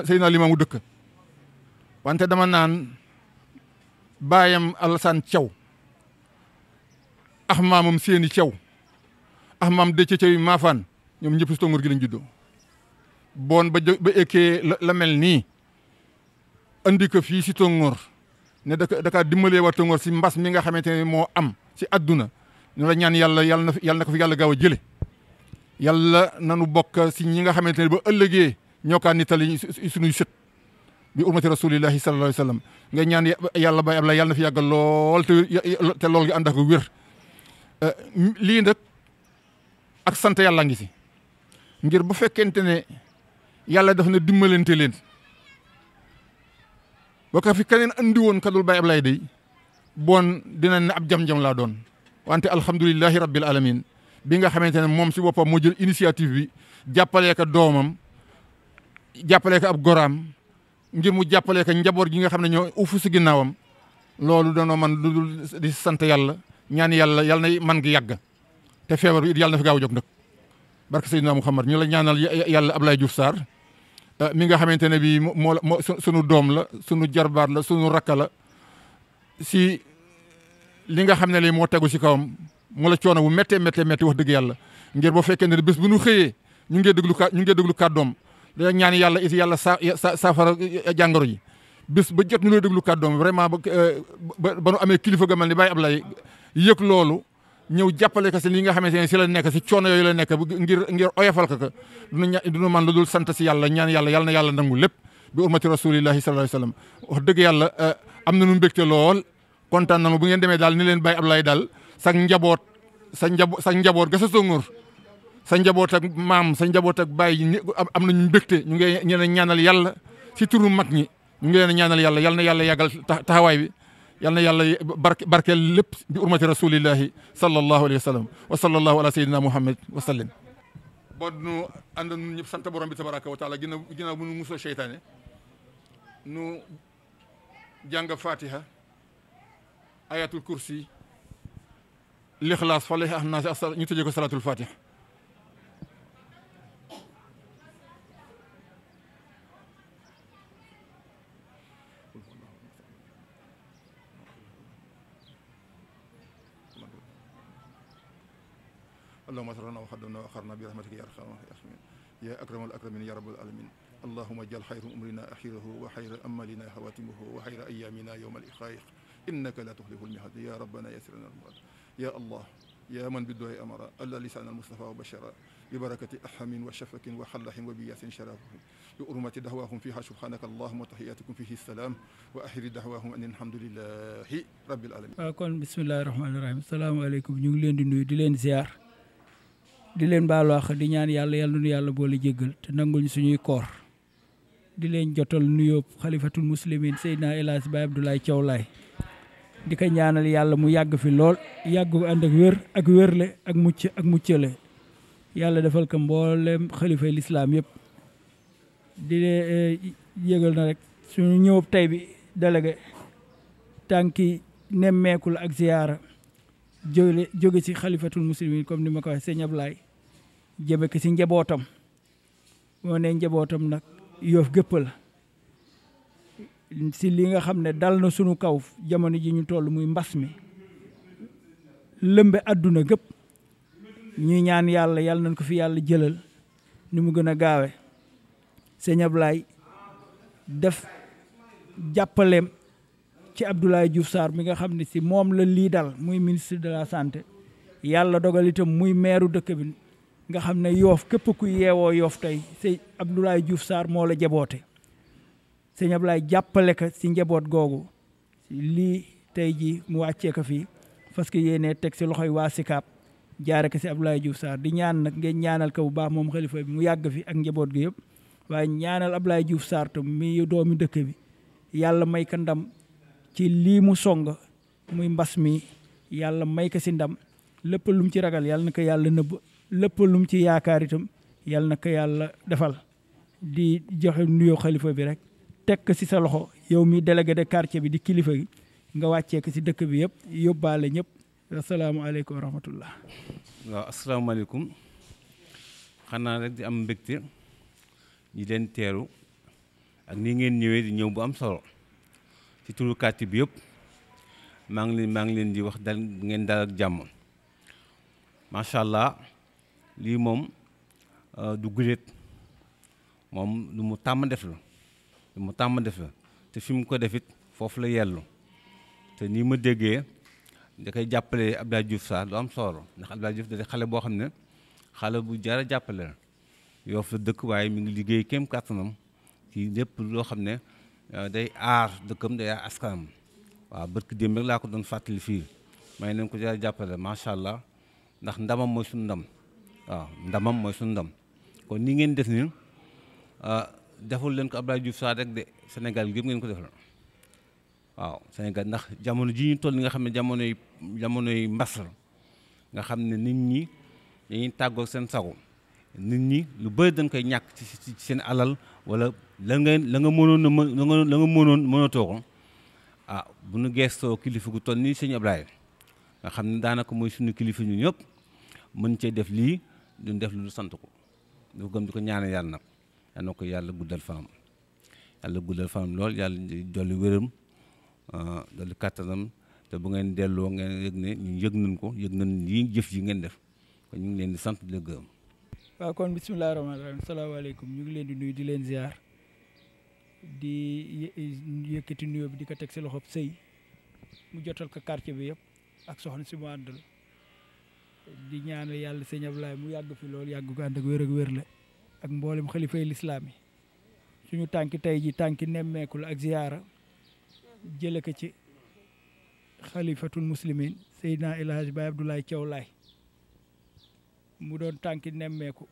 Seydina dëkk wante dama nan bayam Alassane Thiaw ax maamam Séni Thiaw ax maam Déthié Thiaw mafan ñoom ñëpp gi lañ juddoo bon ba ba eké la melni andi ko fi ci tongor ne da ka dimbalé wa tongor si mbass mi nga xamanteni mo am ci àdduna ñu la ñaan yàlla yàlla na yàlla ko fi yàlla gaaw a jële yàlla nanu bokk si ñi nga xamante ne ba ëllëgee ñoo kaa nittali suñuy sët bi urmati rasulillahi sallallahu alayhi nga ñaan yàlla bay ab la yàlla na fi yàgg lool te lool gi ànd ak wér eh, lii nag ak sant yàlla ngi si ngir bu fekkente ne yàlla def na dimbalante leen ba ka fi keneen andi woon kadul bay ab lay day bon dina ne ab jam-jam laa doon wante alhamdulilahi rabbil alamin bi nga xamante ne moom si boppam moo jël initiative bi jàppalee ko doomam jàppalee ab goraam ngir mu jàppalee njaboot gi nga xam ne ñoo ufu si ginnaawam loolu danoo man lu dul di sant yàlla ñaan yàlla yàlla na man gi yàgg te feebar bi it yàlla na fi gaaw a jóg nag barke Seydina ñu la ñaanal yàlla Ablaye Diouf Sarr eh, mi nga xamante ne bii moo la moo sunu doom la sunu jarbaat la sunu rakka la si li nga xam ne lii moo tegu si kawam mu la coono bu mettee méttee métti wax dëgg yàlla ngir boo fekkee ne bés bu nu xëyee ñu ngi déglu ñu ngi déglu kàddoom ñaan yàlla it yàlla sa saafara jàngoro ji bis ba jot ñu loo déglu kàddoom vraiment euh, ba ba nu amee kilifa ga mel ni Baye Ablaye yëg loolu ñëw jàppale ko si li nga xamante ne si la nekk si coono yooyu la nekk ngir ngir oyofal ko ko duñu man lu sant si yàlla ñaan yàlla yàlla na yàlla nangu lépp bi urmati rasulillahi sallallahu alayhi wa wax am na nu mbégte lool kontaan nañu bu ngeen demee daal ni leen Baye Ablaye daal sa njaboot sa njaboot sa njaboot ga sa songoor sa njaboot ak maam sa njaboot ak Baye am na ñu mbégte ñu ngi leen ñaanal yàlla si turu mag ñi ñu ngi ñaanal yàlla yal na yàlla yàggal taxawaay bi yal na yàlla barke lépp bi urmati rasulillahi sallallahu alayhi wa sallam wa sallallahu ala sayyidina muhammad wa sallim bon nu ànd ñëpp sant borom bi tabaraka wa taala ginnaaw ginnaaw bu nu musoo seytaane جانغ فاتحة آيات الكرسي الإخلاص فليه الناس أصل نتجيكو صلاة الفاتحة اللهم صل على وخدمنا وخرنا برحمتك يا يا اكرم الاكرمين يا رب العالمين اللهم اجعل خير أمرنا أخيره وخير أملنا خواتمه وخير أيامنا يوم الإخايق إنك لا تخلف الميعاد يا ربنا يسر لنا المراد يا الله يا من بالدعاء أمر ألا لسان المصطفى وبشرا ببركة أحم وشفك وحلح وبياس شرافهم بأرمة دعواهم فيها سبحانك اللهم وتحياتكم فيه السلام وأخر دعواهم أن الحمد لله رب العالمين آه، كون بسم الله الرحمن الرحيم السلام عليكم leen لين دي di دي لين زيار دي لين àq di ñaan yàlla يالا nu yàlla boole jéggal te nangul ñu suñuy koor di leen jotal nuyoo xalifatul muslimin Seydina El Hadj Baye Abdoulaye Thiaw Laye di ko ñaanal yàlla mu yàgg fi lool yàggu ànd ak wér ak wérle ak mucc ak muccale yàlla defal ko mboolem xalifa lislaam yëpp di eh, yëgal na rek suñu ñëw tey bi délégué tànki nemmeeku la ak ziyaara jóge jóge ci xalifatul muslimin comme ni ma ko waxee sëñ Ablaye jëme ko ci njabootam moo ne njabootam nag yoof gépp la si li nga xam ne dal na sunu kaw jamono ji ñu toll muy mbas mi lëmbe àdduna gépp ñuy ñaan yàlla yàlla nañ ko fi yàlla jëlal nu mu gën a gaawe sëñ def jàppaleem ci Abdoulaye Diouf Sarr mi nga xam ne si moom la lii dal muy ministre de la santé yàlla dogal muy meeru dëkk nga xam ne yoof képp ku yeewoo yoof tey sëñ Abdoulaye juuf saar moo la jaboote sëñ Abdoulaye jàppale ka si njaboot googu lii tey ji mu wàccee ko fii parce que yéenee teg si loxo yi waa Sikaab jaare ko si Abdoulaye Diouf Sarr di ñaan nag ngeen ñaanal ka bu baax moom xalifa mu yàgg fi ak njaboot gi yëpp waaye ñaanal Abdoulaye Diouf Sarr tam mi doomi dëkk bi yàlla may ka ndam ci lii mu song muy mbas mi yàlla may ko si ndam lépp lu ci ragal yàlla na yàlla nëbb lu mu ci yaakaar itam yal na ko yàlla defal di joxe nuyo xalifa bi rek teg ko si sa loxo yow mi délégué de quartier bi di kilifa gi nga wàccee ko si dëkk bi yëpp yóbbaale ñëpp asalaamaaleykum wa rahmatullah waaw asalaamaaleykum xanaa rek di am mbégte ñi leen teeru ak ni ngeen ñëwee di ñëw bu am solo ci turu quartier bi yëpp maa ngi leen maa ngi leen di wax dal ngeen dal ak jàmm macha allah lii moom euh, du guléet moom lu mu tàmm def la lu mu tàmm def la te fi mu ko defit foofu la yellu te nii ma déggee da koy jàppale Abdoulaye Diouf saa lu am solo ndax Abdoulaye Diouf da xale boo xam ne xale bu jar a jàppale la Yoff la dëkk waaye mi ngi liggéey kéem kàttanam ci lépp loo xam ne euh, day aar dëkkam day aar askanam waaw bërk démb laa ko doon fàttali fii may nañ ko jar jàppale macha allah ndax ndamam mooy suñu ndam waaw ndamam mooy suñu ndam kon nii ngeen def ni ah, deful leen ko Abdoulaye Diouf Sarr rek de Sénégal gi yëpp ngeen ko def defal waaw Sénégal ndax jamono ji ñu toll ni nga xam ne jamono jamonoy mbas la nga xam ne nit ñi dañuy tàggoo seen sago nit ñi lu bëri dañ koy ñàkk ci seen alal wala la nga la nga mënoon na mën la nga mënoon mënatoo ko ah bu nu geestoo kilifa gu toll nii sëñ Abdoulaye nga xam ne daanaka mooy suñu kilifa ñu ñëpp mën cee def lii duñ def lu ñu sant ko du ko gëm di ko ñaanal yàlla nag yal na ko yàlla guddal fanam yàlla guddal fanam lool yàlla dolli wéram ah, dolli kàttanam te bu ngeen delloo ngeen yëg ne ñun yëg nañ ko yëg nañ yi jëf yi ngeen def kon ñu ngi leen di sant di la gërëm waaw kon bisimilah rahmaani rahim salaamaaleykum ñu ngi leen di nuyu di leen ziar di yëkkati nuyoo bi di ko teg si loxob sëy mu jotal ko quartier bi yëpp ak soxna si mu àndal di ñaanal yàlla sëñablaay Ablaye mu yàgg fi loolu yàgg ko ànd ak wér ak wér la ak mboolem xalifay lislaam yi suñu tànki tey ji tànki nemmeeku la ak ziyaara jële ko ci xalifatul muslimin Seydina El Hadj Baye Abdoulaye Thiaw mu doon tànki nemmeeku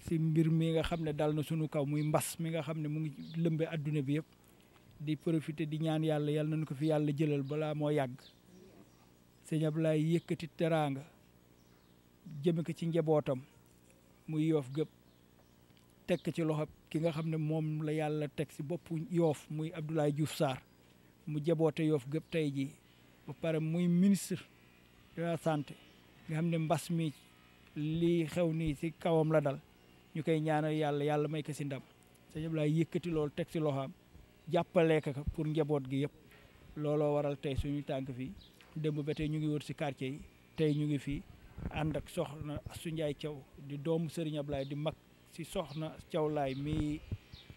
si mbir mi nga xam ne dal na suñu kaw muy mbas mi nga xam ne mu ngi lëmbe adduna bi yëpp di profité di ñaan yàlla yàlla nañu ko fi yàlla jëlal balaa moo yàgg sëñ yëkkati teraanga jëme ko ci njabootam muy yoof gëpp teg ci loxo ki nga xam ne moom la yàlla teg si boppu yoof muy Abdoulaye Diouf Sarr mu jaboote yoof gëpp tey jii ba pare muy ministre de la nga xam ne mbas mi lii xew nii si kawam la dal ñu koy ñaanal yàlla yàlla may ko si ndam sëñ Abdoulaye yëkkati loolu teg si loxo am jàppalee ko pour njaboot gi yëpp looloo waral tey suñu tànk fii démb ba tey ñu ngi wër si quartier yi tey ñu ngi fii ànd ak soxna Astou Ndiaye Thiaw di doomu Serigne Ablaye di mag si soxna caw Laay mii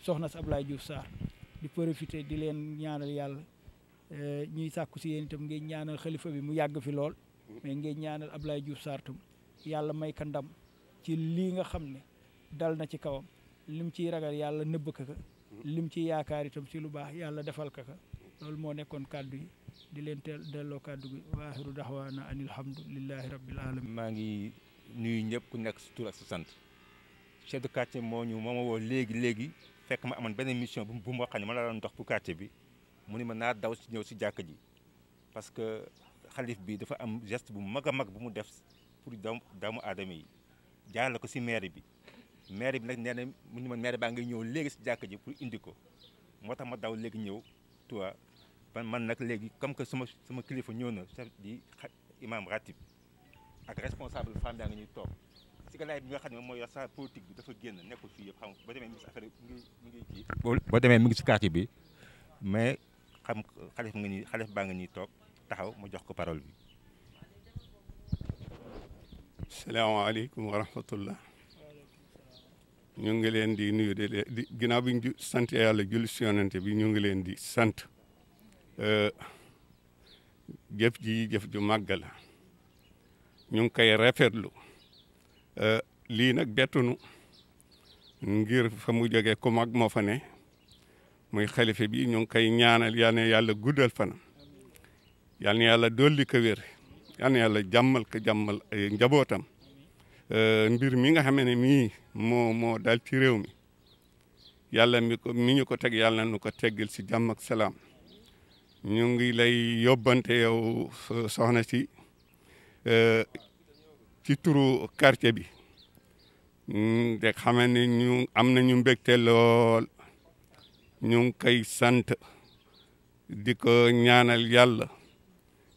soxna si Ablaye Diouf Sarr di profité di leen ñaanal yàlla eh, ñuy sàkku si yéen itam ngeen ñaanal xalifa bi mu yàgg fi lool mais ngeen ñaanal Ablaye Diouf Sarr tam yàlla may ka ndam ci lii nga xam ne dal na ci kawam lim ciy ragal yàlla nëbb ka ka lim ciy yaakaar itam si lu baax yàlla defal ka ka loolu moo nekkoon kàddu yi di leen teel delloo kàddu gi wa axiru daxwaana anil hamdu lillahi rabbil alamin maa ngi nuyu ñëpp ku nekk sa tur ak sa sant chef de quartier moo ñu moo ma woo léegi léegi fekk ma aman benn mission bu bu ma xam ne ma la doon dox pour quartier bi mu ne ma naa daw si ñëw si jàkk ji parce que xalif bi dafa am geste bu mag a mag bu mu def pour doomu doomu aadama yi jaarale ko si maire bi maire bi nag nee na mu ma meer baa ngi ñëw léegi si jàkk ji pour indi ko moo tax ma daw léegi ñëw man nak legui comme que sama sama kilifa ñëw na chef di imam ratib ak responsable femme yaa nga ñuy toog si galaay bi nga xam moy mooy sa politique bi dafa genn nekk fii yëpp xam boo démé mi ci affaire mi ngi mi ngi kii bo démé mi ngi ci quartier bi mais xam khalif nga ñuy khalif ba nga ñuy toog taxaw mu jox ko parole bi alaykum wa rahmatullah ñu ngi leen di nuyu de di ginnaaw bi ñu sant yàlla julli si yonante bi ñu ngi leen di sante Eh, jëf ji jëf ju màgg la ñu ngi koy rafetlu eh, lii nag bettunu ngir fa mu jógee ko mag moo fa ne muy xalife bi ñu ngi koy ñaanal yal na yàlla guddal fanam yal na yàlla dolli ko wér yal na yàlla jàmmal ko jàmmal eh, njabootam mbir mi nga xam ne mii moo moo dal ci réew mi yàlla mi ko mi ñu ko teg yàlla nu ko teggal si jàmm ak salaam. ñu ngi lay yóbbante yow soxna si e, ci turu quartier bi de mm, xamee ni ñu am nañu mbégte lool ñu koy sant di ko ñaanal yàlla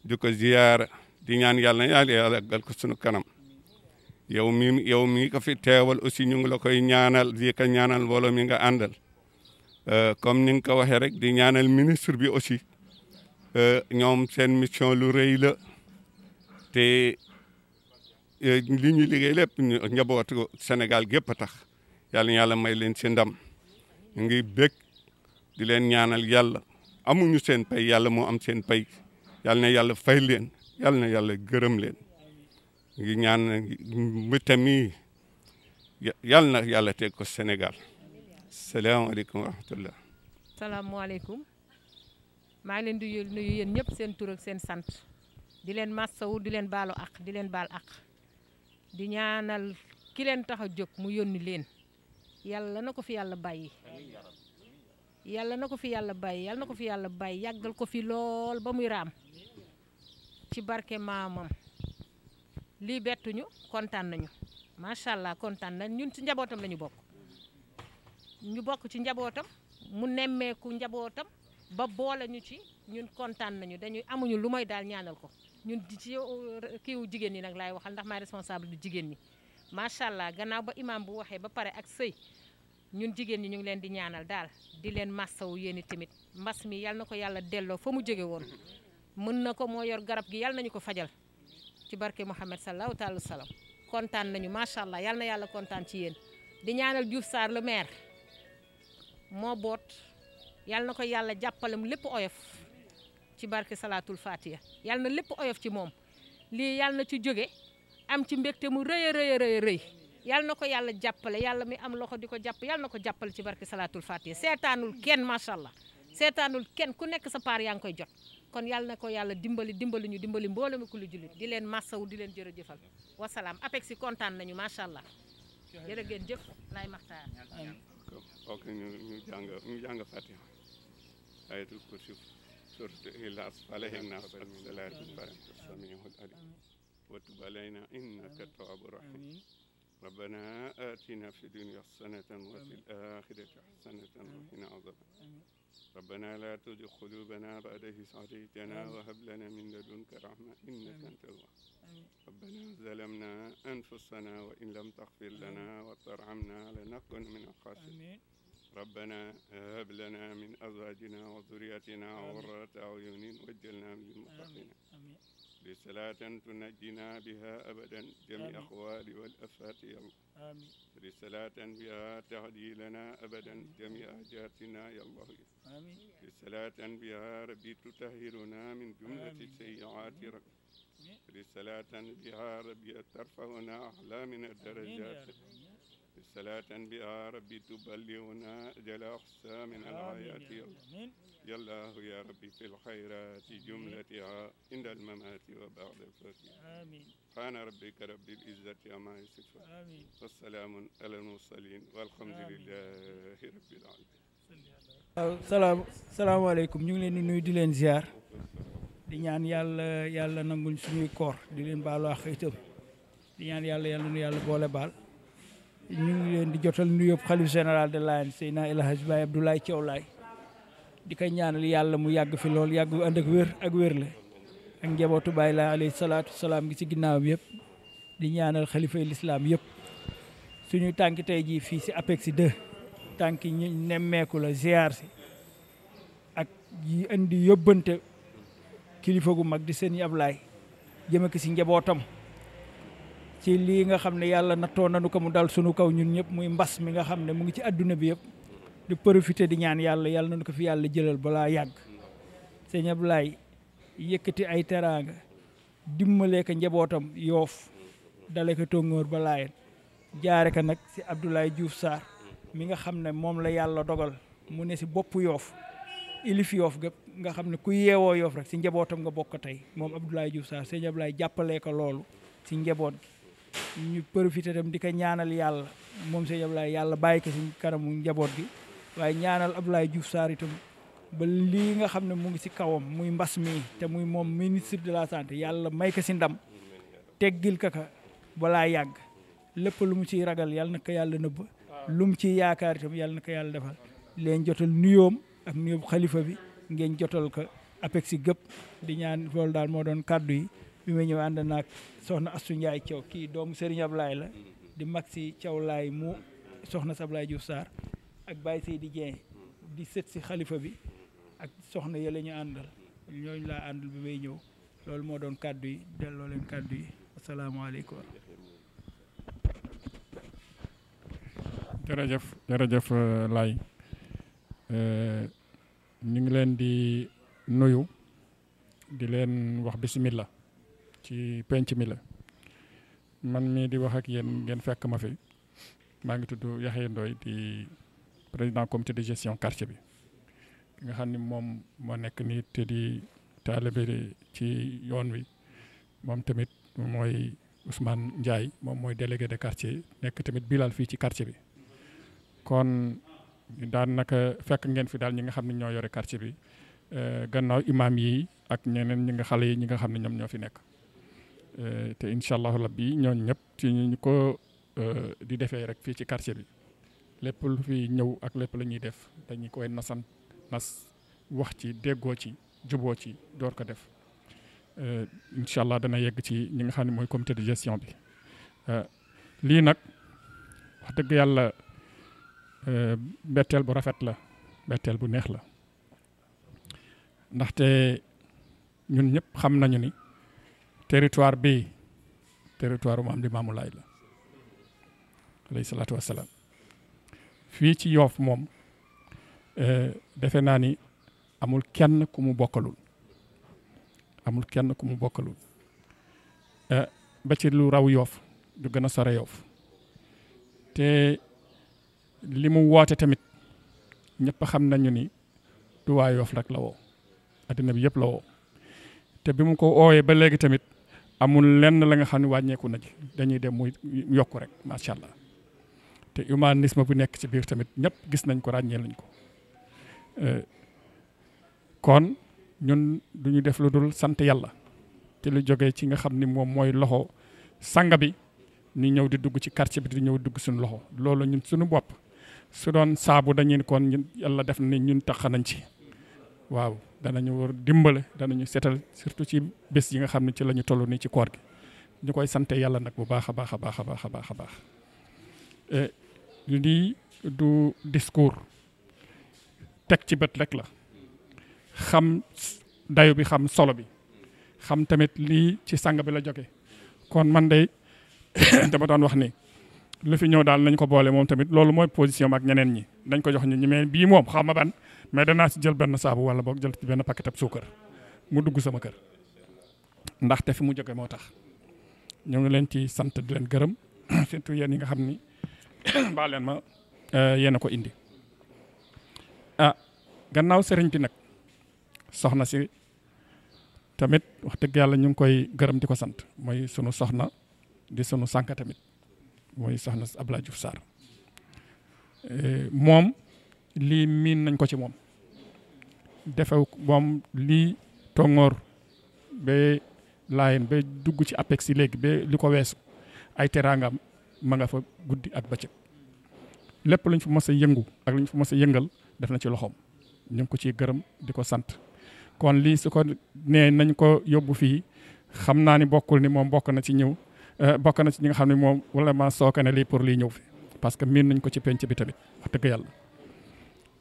di ko ziyaara di ñaan yàlla yàlla yàlla gal ko sunu kanam yow mi yow mii ko fi teewal aussi ñu ngi la koy ñaanal di ko ñaanal mbooloo mi nga àndal e, comme ni nga ko waxee rek di ñaanal ministre bi aussi Euh, ñoom seen mission lu rëy la te euh, li ñu liggéey lépp njabootu Sénégal gépp a tax yàlla yàlla may leen si ndam ngi bég di leen ñaanal yàlla amuñu seen pay yàlla moo am seen pay yàlla na yàlla fay leen yàlla na yàlla gërëm leen ngi ñaan mbëta mi yàlla na yàlla teg ko Sénégal salaamaaleykum wa rahmatullah salaamaaleykum maa ngi leen di nuyu yéen ñëpp seen tur seen sant di leen massawu di leen baalu ak di leen baal àq di ñaanal ki leen tax a jóg mu yónni leen yàlla na ko fi yàlla bàyyi yàlla na ko fi yàlla bàyyi yàlla na ko fi yàlla bàyyi yàggal ko fi lool ba muy raam ci barke maamam lii bettuñu kontaan nañu macha allah kontaan nañ ñun ci njabootam lañu bokk ñu bokk ci njabootam mu nemmeeku njabootam ba boole ñu ci ñun kontaan nañu dañuy amuñu lu may daal ñaanal ko ñun di ci euh, kiiwu jigéen ñi nag laay waxal ndax maay responsable du jigéen ñi macha allah gannaaw ba imam bu waxee ba pare ak sëy ñun jigéen ñi ñu ngi leen di ñaanal daal di leen massawu yéen tamit mbas mi yal na ko yàlla delloo fa mu jóge woon mun na ko moo yor garab gi yal nañu ko fajal ci barke Mouhamed sallallahu taala salaam kontaan nañu macha allah yal na yàlla kontaan ci yéen yàlla na ko yàlla jàppalam lépp oyof ci barke salaatul fatiha yàlla na lépp oyof ci moom lii yàlla na ci jóge am ci mbégte mu rëy a rëy rëy rëy na ko yàlla jàppale yàlla mi am loxo di ko jàpp yàlla na ko jàppale ci barke salaatul fatiha seetaanul kenn macha allah seetaanul kenn ku nekk sa paar yaa ngi koy jot kon yàlla na ko yàlla dimbali dimbali ñu dimbali mboolem ku lu jullit di leen massawu di leen jërëjëfal wasalaam APEX si kontaan nañu macha allah jërë ngeen jëf laay آية الكرسي سورة إلا أصف علينا قبل من الصلاة فأنت السميع الأليم وتب علينا إنك التواب الرحيم ربنا آتنا في الدنيا حسنة وفي الآخرة حسنة وقنا عذاب ربنا لا تزغ قلوبنا بعد إذ هديتنا وهب لنا من لدنك رحمة إنك أنت الوهاب ربنا ظلمنا أنفسنا وإن لم تغفر لنا وترحمنا لنكن من الخاسرين ربنا هب لنا من أزواجنا وذريتنا وقرة أعين واجعلنا من المتقين بصلاة تنجينا بها أبدا جميع الأقوال والأفات يا الله آمين رسالة بها تهدي لنا أبدا جميع حاجاتنا يا الله آمين رسالة بها ربي تطهرنا من جملة السيئات ربي رسالة بها ربي ترفعنا أعلى من الدرجات آمين صلاة بها ربي تبلغنا أجل أقصى من الآيات يا الله يا ربي في الخيرات جملتها عند الممات وبعد الفتح آمين سبحان ربك رب العزة عما يصفون آمين والسلام على المرسلين والحمد لله رب العالمين السلام آه، السلام عليكم ñu ngi leen nuyu di leen ziar di ñaan yàlla yàlla nanguñ suñuy koor di leen baalu àq di ñaan yàlla yàlla nu yàlla boole ñu ngi leen di jotal nuyoo xalif général de Layène Seydina El Hadj Baye Abdoulaye Thiaw di ko ñaanal yàlla mu yàgg fi lool yàgg ànd ak wér ak wér la ak njabootu Baye Laye alayhi salaam gi ci ginnaawam yëpp di ñaanal xalifa lislaam yëpp suñu tànk tey jii fii si APEX 2 tànk ñu nemmeeku la ziar si ak yi indi yóbbante kilifa gu mag di seen i Ablaye jëme ko si njabootam. ci li nga xamne yalla yàlla nattoo nanu ko mu dal suñu kaw ñun ñep muy mbass mi nga xamne mu ngi ci aduna bi yep di profiter di ñaan yalla yalla nañu ko fi yalla jëlal bala yag sëñ Ablaye yëkkati ay teranga dimbalé ka njabotam yoof dalé ka tongor ba laayeen jaare ko nag si Abdoulaye Diouf sar mi nga xamne mom la yalla dogal mu ne ci bop yoof ilif yof ga nga xamne ku yewoo yoof rek ci njabotam nga bokk tay mom Abdoulaye Diouf sar sëñ Ablaye jappalé ka loolu ci njabot gi ñu profité dem di ko ñaanal yàlla moom sëñ Ablaye yàlla bàyyi ko si kanamu njaboot gi waaye ñaanal Ablaye Diouf Sarr itam ba lii nga xam ne mu ngi si kawam muy mbas mi te muy moom ministre de la santé yàlla may ko si ndam teggil ka ka balaa yàgg lépp lu mu ciy ragal yàlla na ko yàlla nëbb lu mu ciy yaakaar itam yàlla na ko yàlla defal leen jotal nuyoom ak nuyoom xalifa bi ngeen jotal ko APEX si gëpp di ñaan loolu daal moo doon kàddu yi bi ma ñëw and nak soxna asu ñay ciow ki doomu Serigne Ablaye la di maxi si lay mu soxna si Ablaye Diouf sar ak Baye Seydi dien di set si khalifa bi ak soxna ya la andal ñoo la andal bi may ñëw lool mo doon kaddu yi delloo leen kaddu yi asalaamaaleykum. jërëjëf jërëjëf euh, euh ñu ngi leen di nuyu di leen wax bismillah ci penc mi la man mii di wax ak yéen ngeen fekk ma fi maa ngi tudd Yaxya Ndoye di président comité de gestion quartier bi nga xam ni moom moo nekk nii te di taalibe ci yoon wi moom tamit mooy Ousmane Ndiaye moom mooy délégué de quartier nekk tamit bilal fii ci quartier bi kon daanaka fekk ngeen fi daal ñi nga xam ne ñoo yore quartier bi eh, gannaaw imaam yi ak ñeneen ñi nga xale yi ñi nga xam ne ñoom ñoo fi nekk. Euh, te incha allahu rabbi ñooñu ñëpp ci ñu ko euh, di defee rek fii ci quartier bi lépp lu fi ñëw ak lépp lañuy def dañu koy nasan nas wax ci déggoo ci juboo ci door ko def euh, incha allah dana yegg ci ñi nga xam ne mooy commité de gestion bi lii nag wax dëgg yàlla mbetteel bu rafet la mbetteel bu neex la ndaxte ñun ñëpp xam nañu ni territoire bi territoire mu am di maamu laay la alayhi salaatu wasalaam fii ci yoof moom eh, defe naa ni amul kenn ku mu bokkalul amul kenn ku mu bokkalul eh, ba ci lu raw yoof du gën a sore yoof te li mu woote tamit ñépp xam nañu ni du waa yoof rek la woo addina bi yëpp la woo te bi mu ko oowee ba léegi tamit amul lenn la nga xam ne wàññeeku na ci dañuy dem muy yokk rek macha allah te humanisme bu nekk ci biir tamit ñëpp gis nañ ko ràññee lañ ko euh, kon ñun du ñu def lu dul sant yàlla te lu jógee ci nga xam ni moom mooy loxo sanga bi nu ñëw di dugg ci quartier bi di ñëw dugg suñu loxo loolu ñun suñu bopp su doon saabu dañu kon yàlla def na ni ñun tax nañ ci waaw. danañu war dimbale ñu setal surtout ci bés yi nga xam ne ci lañuy ñu toll nii ci koor gi ñu koy sante yàlla nag bu baax a baax a baax a baax a baax a baax e, lii du discours teg ci bët rek la xam dayo bi xam solo bi xam tamit lii ci sàng bi la jóge kon man de *coughs* dama doon wax ni lu fi ñëw daal nañ ko boole moom tamit loolu mais danaa si jël benn saabu wala boog jël ci benn paquet ab suukar mu dugg sama kër ndaxte fi mu jóge moo tax ñu ngi leen ci sant di leen gërëm *clears throat* surtout yi nga xam ni *clears throat* baa leen ma euh, yéen a ko indi ah gannaaw sëriñ bi nag soxna si tamit wax dëgg yàlla ñu ngi koy gërëm di ko sant mooy sunu soxna di sunu sànq tamit mooy soxna Abdoulaye Diouf Sarr euh, moom lii miin nañ ko ci moom defe moom li tongor be lain be dugg ci apex léegi ba li ko weesu ay teraangam ma nga fa guddi ak bacc lepp luñ fi mossa a yëngu ak luñ fi mossa yëngal def na ci loxom ñing ko ci gërem di ko sant kon li su ko ne nañ ko yobbu fi xamna ni bokul ni mom bok na ci ñëw eh, bok na ci ñi nga xamni mom wala ma sooke ne lii pour li ñew fi parce que min nañ ko ci penc bi tamit wax deug yalla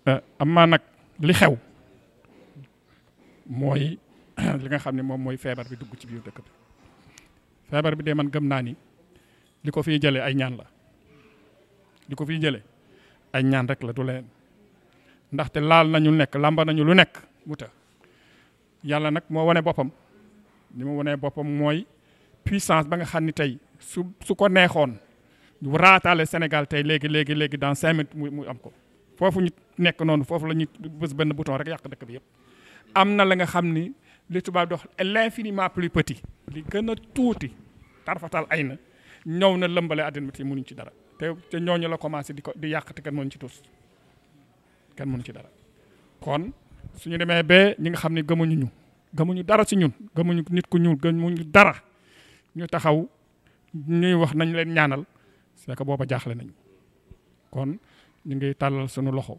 eh, amma nak li xew mooy *clears throat* li nga xam ne moom mooy feebar bi dugg ci biir dëkk bi feebar bi de man gëm naa ni li ko fiy jëlee ay ñaan la li ko fiy jëlee ay ñaan rek la du leen ndaxte laal nañu nekk làmba nañu lu nekk mu ta yàlla nag moo wane boppam li mu wane boppam mooy puissance ba nga xam ni tey su su ko neexoon raataale Sénégal tey léegi léegi léegi dans cinq minutes mu am ko foofu ñu nekk noonu foofu la ñu bës benn bouton rek yàq dëkk bi yëpp. am na la nga xam ni li tubaab dox l'infiniment plus petit li gën a tuuti tarfatal ay na ñëw na lëmbale àddina bi te mënuñ ci dara te te ñooñu la commencé di ko di yàq te kenn mënuñ ci tus kenn mënuñ ci dara kon suñu demee ba ñi nga xam ne gëmuñu ñu gëmuñu dara si ñun gëmuñu nit ku ñuul gëmuñu dara ñu taxaw ñuy wax nañ leen ñaanal c'est que booba jaaxle nañ kon ñu ngi tàllal suñu loxo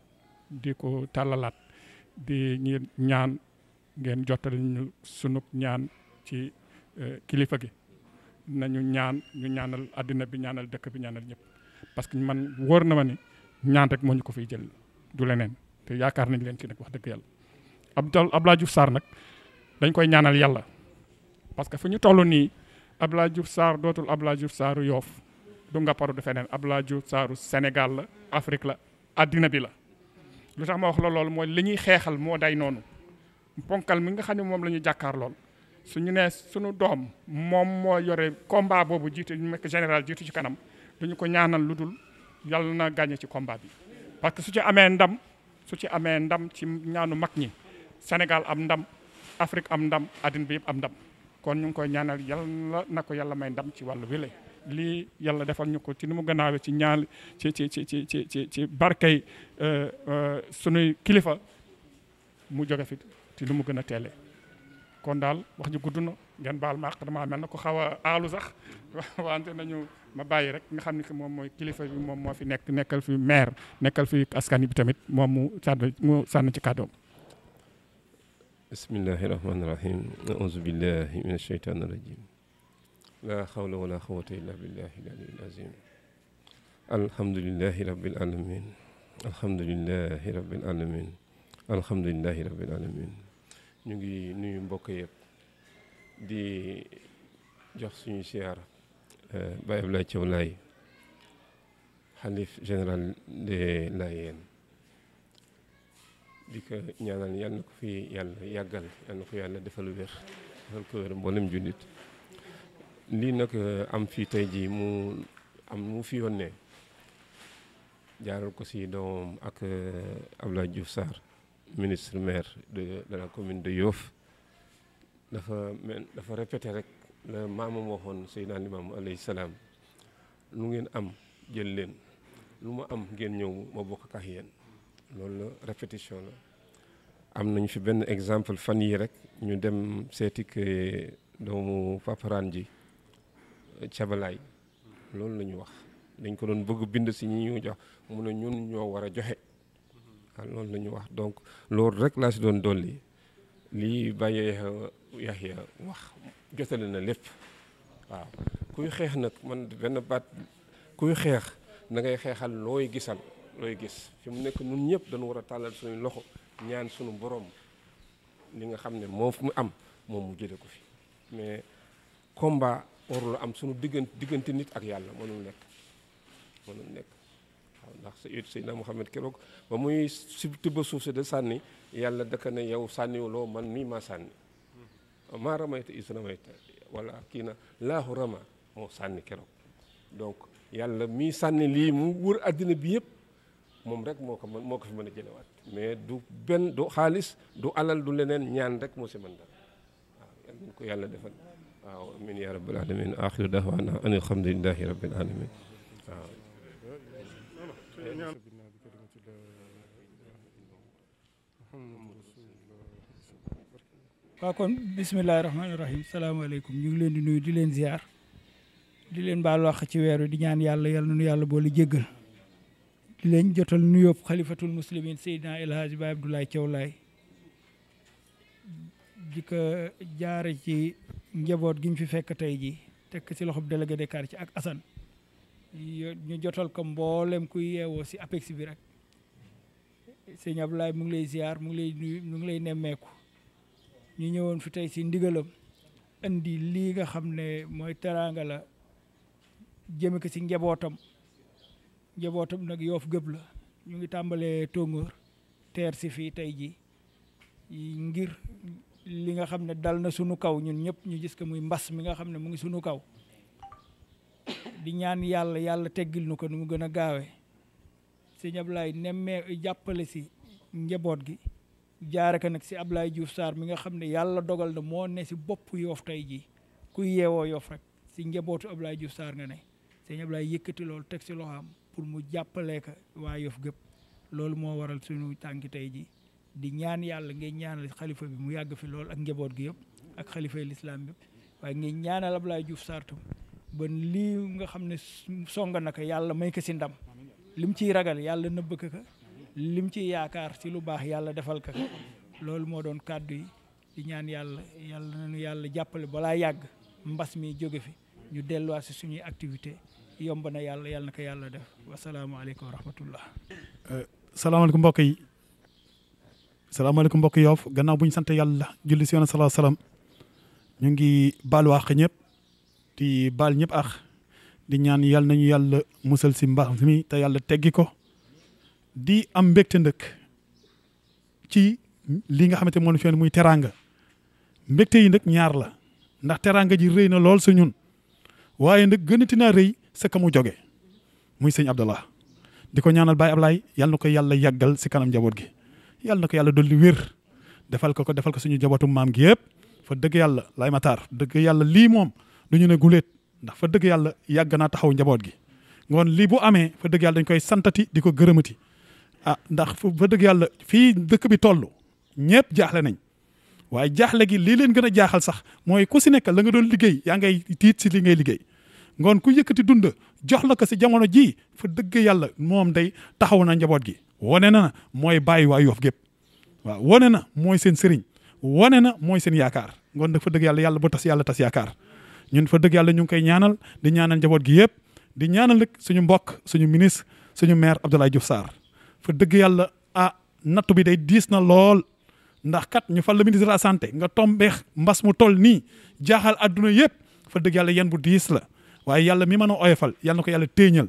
di ko tàllalaat di ñaan ngeen jottali ñu sunub ñaan ci eh, kilifa gi nañu ñaan ñu ñaanal adina bi ñaanal dekk bi ñaanal ñep parce que man wor na ma ni ñaan rek ko fi jël du leneen te yaakar nañ leen ci nak wax yalla abdal abdoulaye sar nak, nag dañ koy ñaanal yalla parce que fu ñu toll nii abdoulaye juf sar yof, abdoulaye du nga paru defenen feneen saru Senegal la afrique la adina bi la lu ma wax lool moy liñuy xéxal mo day nonou ponkal mi nga xamni mom lañu jakar lol suñu ne suñu dom mom mo yore combat bobu jiite ñu nekk général jiitu ci kanam duñu ko ñaanal lu yalla na gagné ci combat bi parce que su ci amé ndam su ci amé ndam ci ñaanu mag ñi sénégal am ndam afrique am ndam adin bi am ndam kon ñu koy ñaanal yalla na yalla may ndam ci walu wile Li yalla defal ñuko ci nimu gënaawé ci ñaal ci ci ci ci ci ci euh euh suñu kilifa mu fi te lu mu gën a teele kon daal wax ji gudd na ngeen ma àq damaa mel na ko xaw a aalu sax *laughs* wante nañu ma bàyyi rek nga xam ni que moom mooy kilifa bi moom moo fi nekk nekkal fi maire nekkal fi askan yi bi tamit moom mu sànn mu sànn ci kàddoom bismillahi rahmaani rahim auzu billahi min asheytaan rajim la xawla wala xawata illa billahi aliyil azim alhamdulilahi rabbil alamin alhamdulilahi rabbil alamin alhamdulilahi rabbil alamin ñu ngi nuyu mbokk yëpp di jox suñu siyaar Baye Abdoulaye Thiaw Laye xalif général de Layeen di ko ñaanal yal na ko fi yàlla yàggal yal na ko yàlla defal wér defal ko wér mboolem jullit lii nag am fii tey jii mu am mu fi yónnee jaaral ko si doomam ak Abdoulaye Diouf Sarr ministre maire de la commune de Yoff dafa men dafa répété rek la maamam waxoon Seydina Limaamu alayhi salaam lu ngeen am jël leen lu ma am ngeen ñëw ma bokk ak yéen loolu la répétition la am nañu fi benn exemple fan yi rek ñu dem seetik doomu paparaan ji cabalaay loolu la wax dañ ko doon bëgg bind si ñi ñu jox mu ne ñun ñoo war a joxe loolu la wax donc loolu rek laa si doon dolli lii bàyyee Yaxya wax jotale na lépp waaw kuy xeex nag man benn baat kuy xeex da ngay xeexal looy gisal looy gis fi mu nekk ñun ñëpp dañu war a tàllal suñu loxo ñaan suñu borom li nga xam ne moo mu am moom mu jële ko fi mais combat warul am suñu diggante diggante nit ak yàlla mënul nekk mënul nekk ndax Seydina Muhammad keroog ba muy si tibb suuf si de sànni yàlla daka ne yow sànniwuloo man mii maa sànni maa ramayta is ramayta wala kii na laahu rama moo sànni keroog donc yàlla mii sànni lii mu wër àddina bi yëpp moom rek moo ko mën moo ko fi mën a jëlewaat mais du benn du xaalis du alal du leneen ñaan rek moo si mën dara yàlla defal waaw amin ya rabbal alamin axiru dahwaana an alhamdulillahi rabbil alamin ñaan kon bisimillahi rahmaani rahim salaamaaleykum ñu ngi leen di nuyu di leen ziar di leen baal wax ci weeru di ñaan yàlla yal nanu yàlla boole jéggal di leen jotal nuyoob xalifatul muslimin Seydina El Hadji Baye Abdoulaye Thiaw Laye di ci njaboot gi ñu fi fekk tey ji tekk ci loxo bi de ci ak Assane ñu jotal ko mboolem kuy yeewoo si APEX bi rek sëñ Ablaye mu ngi lay ziar mu ngi lay nuyu mu ngi lay nemmeeku ñu ñëwoon fi tey si ndigalam indi lii nga xam ne mooy teraanga la jëme ko si njabootam njabootam nag yoof gëb la ñu ngi tàmbalee tóngoor teer si fii tey ji ngir li nga xam ne dal na sunu kaw ñun ñëpp ñu gis ko muy mbas mi nga xam ne mu ngi sunu kaw di ñaan yàlla yàlla teggil nu ko nu mu gën a gaawee sëñ Ablaye nemmee jàppale si njaboot gi jaare ko nag si Ablaye Diouf saar mi nga xam ne yàlla dogal na moo ne si bopp yoof tey jii ku yeewoo yoof rek si njabootu Ablaye Diouf Sarr nga ne sëñ lay yëkkati lool teg si loxoom pour mu jàppalee ko waa yoof gëpp loolu moo waral suñu tànki tey jii di ñaan yàlla ngeen ñaanal xalifa bi mu yàgg fi lool ak njaboot gi yëpp ak xalifa lislaam yëpp waaye ngeen ñaanal ba li nga xamne ne songa na ko may ko ci ndam lim ci ragal yalla neub ko ko lim ci yaakar ci lu bax yalla defal ko ka mo don kaddu di ñaan yalla yalla nañu yàlla jàppale balaa yag mbass mi joge fi ñu delluwaat ci suñu activité yomb na yalla yalla naka yalla def wa def alaykum wa rahmatullah euh, alaykum mbokk yi alaykum mbokk yoof gannaaw buñu sante yalla yàlla julli si yoon salaa salaam ñu ngi baalu wax ñepp di bal ñep ax di ñaan yalla nañu yàlla musal si mbaax mi te yalla teggi ko di am mbekté ndëkk ci li nga fi muy teranga mbekté yi nag ñaar la ndax teranga ji reyna na su ñun waye nag gënati naa rëy sa kamu joggé muy seigne Abdallah di ñaanal Baye ablay yalla nako yalla yagal ci kanam jabot gi yalla nako yalla doli wër defal ko ko defal ko suñu jabotum maam gi yépp fa deug yalla lay matar deug yalla li mom du ñu ne guléet ndax fa dëgg yàlla yàgg naa taxaw njaboot gi ngoon lii bu amee fa dëgg yàlla dañ koy santati di ko gërëmati ah ndax fa dëgg yàlla fii ndëkk bi toll ñëpp jaaxle nañ waaye jaaxle gi lii leen gën a jaaxal sax mooy ku si nekk la nga doon liggéey yaa ngay tiit si li ngay liggéey ngoon ku yëkkati dund jox la ko si jamono jii fa dëgg yàlla moom day taxaw na njaboot gi wane na mooy bàyyi waa yoof gépp waaw wane na mooy seen sëriñ wane na mooy seen yaakaar ngoon nag fa dëgg yàlla yàlla bu tas yàlla tas yaakaar ñun fa dëgg yàlla ñu ngi koy ñaanal di ñaanal njaboot gi yëpp di ñaanal nag suñu mbokk suñu ministre suñu maire Abdoulaye Diouf sar fa dëgg yàlla ah bi day diis na lool ndax kat ñu fal la ministre de la santé nga tombeex mbas mu toll nii jaaxal adduna yëpp fa dëgg yàlla yeen bu diis la waaye yàlla mi mën a oyofal yàlla na ko yàlla téeñal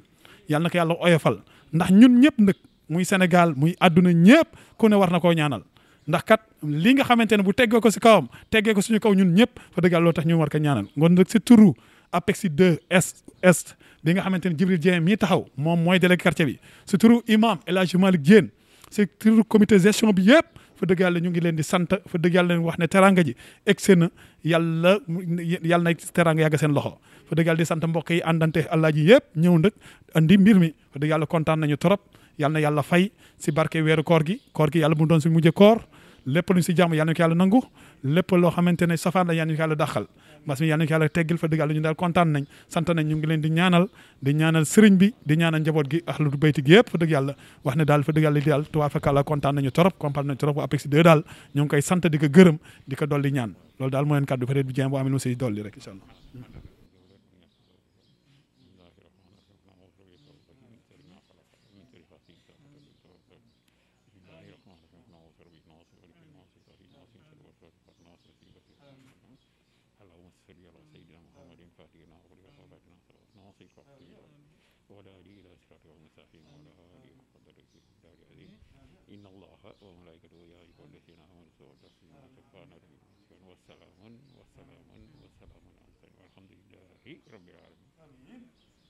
yàlla na ko yàlla ndax ñun ñëpp nag muy Sénégal muy aduna ñëpp ku ne war na koo ñaanal ndax kat li nga xamantene bu teggee ko ci kawam teggee ko suñu kaw ñun ñëpp fa dëgg lo tax ñu war ka ñaanal ngon rek si turu APEXI 2 est est bi nga xamantene jibril jien mi taxaw mom moy délégué quartier bi si turu imam El Hadj Malick Dieng si turu comité gestion bi yépp fa dëgg yàlla ñu ngi leen di sant fa dëgg yàlla leen wax ne teranga ji egsi na yàlla yàlla na teranga yàgg seen loxo fa dëgg yàlla di sant mbokk yi àndante allah ji yépp ñëw nag andi mbir mi fa dëgg yàlla kontaan nañu trop yàlla na yàlla fay si barke weeru koor gi koor gi yàlla bu doon mujjee koor lépp luñ si jàmm yàlla na ko yàlla nangu lépp loo xamante ne safaan la yàlla na ko yàlla dàqal mbas mi yàlla na ko yàlla teggil fa dëggal ñu daal kontaan nañ sant nañ ñu ngi leen di ñaanal di ñaanal sëriñ bi di ñaanal njaboot gi ahlu bayti gi yëpp fa dëgg yàlla wax ne daal fa dëgg yàlla di daal tubaab fakàlla kontaan nañu torop kontaan nañu torop bu APEX 2 daal ñu ngi koy sant di ko gërëm di ko dolli ñaan loolu daal mooy leen kàddu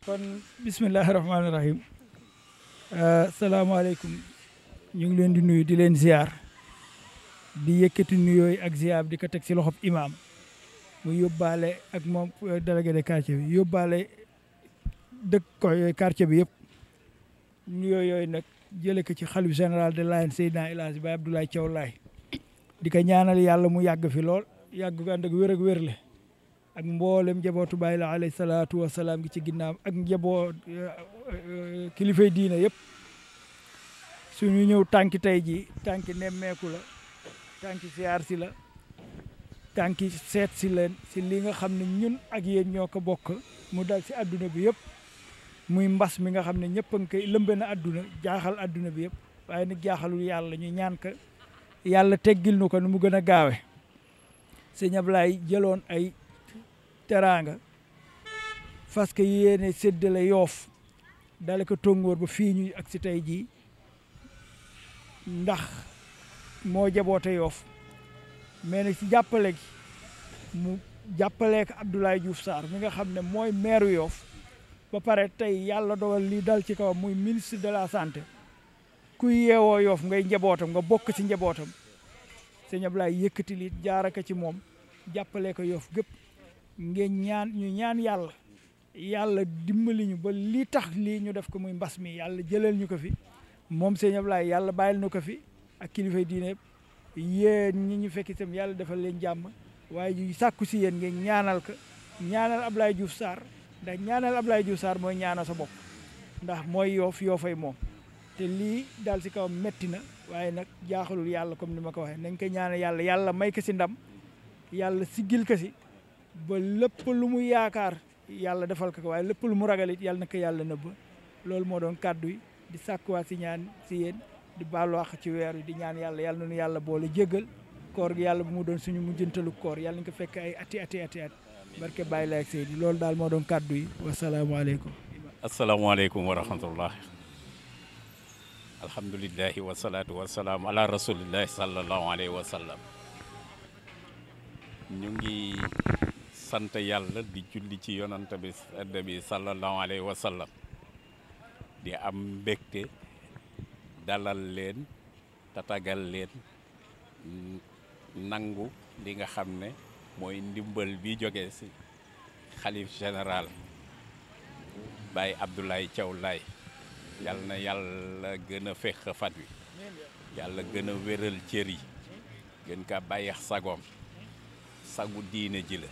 kon bismillahirrahmanirrahim rahmaani euh, rahim ñu ngi leen di nuyu di leen ziar di yëkkati nuyooyu ak ziar di ko teg si loxob imam mu yóbbaale ak moom euh, délégué de quartier bi yóbbaale dëkk ko euh, quartier bi yëpp nuyoo yooyu nag jële ko ci xalif général de Layène Seydina El bay Abdoulaye Thiaw di ko ñaanal yàlla mu yàgg fi lool yàgg fi ànd ak wér ak wér le ak mbollem njabootu Baay la alayhi salatu wa salaam gi ci ginnam ak njaboot eh, kilife diina yep suñu ñew tanki tay ji tanki nemeku la tanki siyaar si la tanki set si len si li nga xam ñun ak yeen ñoko ko bokk mu dal ci aduna bi yep muy mbass mi nga xam ñepp ngi koy lembe na aduna jaaxal aduna bi yep waye nak jaaxalul yalla ñu ñaan ka yalla teggil nu ko nu mu gëna gaawé gaawe sëñ jëlone ay teraanga fas que yéene séddale yoof dale ko tóngoor ba fii ñuy ak si tey jii ndax moo jaboote yoof mais na si jàppale gi mu jàppaleek Abdoulaye Diouf Sarr mi nga xam ne mooy maire yoof ba pare tey yàlla dogal lii dal ci kawam muy ministre de la santé ku yeewoo yoof ngay njabootam nga bokk ci njabootam sëñ Abdoulaye yëkkati lii jaaraka ci moom jàppale ko yoof gépp ngeen ñaan ñu ñaan yàlla yàlla dimbali ñu ba li tax lii ñu def ko muy mbas mi yàlla jëlal ñu ko fi moom sëñ Ablaye yàlla bàyyil ñu ko fi ak kilifa diine yéen ñi ñu fekk itam yàlla defal leen jàmm waaye ñu sàkku si yéen ngeen ñaanal ko ñaanal Ablaye Diouf Sarr ndax ñaanal Ablaye Diouf Sarr mooy ñaanal sa bopp ndax mooy yoof yoofay moom te lii daal si kaw metti na waaye nag jaaxalul yàlla comme ni ma ko waxee nañ ko ñaanal yàlla yàlla may ko si ndam yàlla siggil ko si ba lépp lu mu yaakaar yàlla defal ko ko waaye lépp lu mu ragal yàlla na ko yàlla na nëbb loolu moo doon kàddu yi di sàkkuwaat si ñaan si yéen di baalu àq ci weer wi di ñaan yàlla yàlla na yàlla boole jéggal koor gi yàlla bu mu doon suñu mujjantalu koor yàlla nañu ko fekk ay ati ati ati barke bàyyi la ak Seydi loolu daal moo doon kàddu yi wasalaamaaleykum asalaamaaleykum wa rahmatullah alhamdulilahi wasalaatu wasalaam ala rasulillahi sallallahu alayhi wa sallam ñu ngi sant yàlla di julli ci yonante bi sedd bi sallallahu alayhi wa di am mbégte dalal leen tatagal leen nangu li nga xam ne mooy ndimbal bi jóge ci xalif général Baye Abdoulaye Thiaw Laye yàlla na yàlla gën a fex fat wi yàlla gën a wéral cër yi gën kaa bàyyi sagoom sagu diine ji la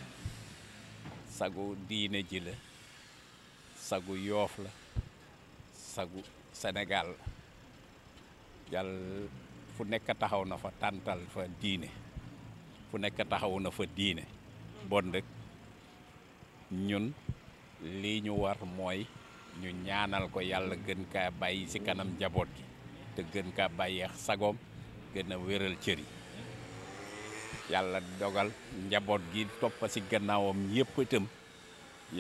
sagu diine ji la sagu yoof la sagu senegaal la yàlla fu nekk a taxaw na fa tàntal fa diine fu nekk taxaw na fa diine bon rek ñun lii ñu war mooy ñu ñaanal ko yàlla gën kaa bàyyi ci kanam njaboot gi te gën kaa bàyyeex sagoom gën a wéral cër yi yalla dogal njabot gi top ci gannaawam yëpp itam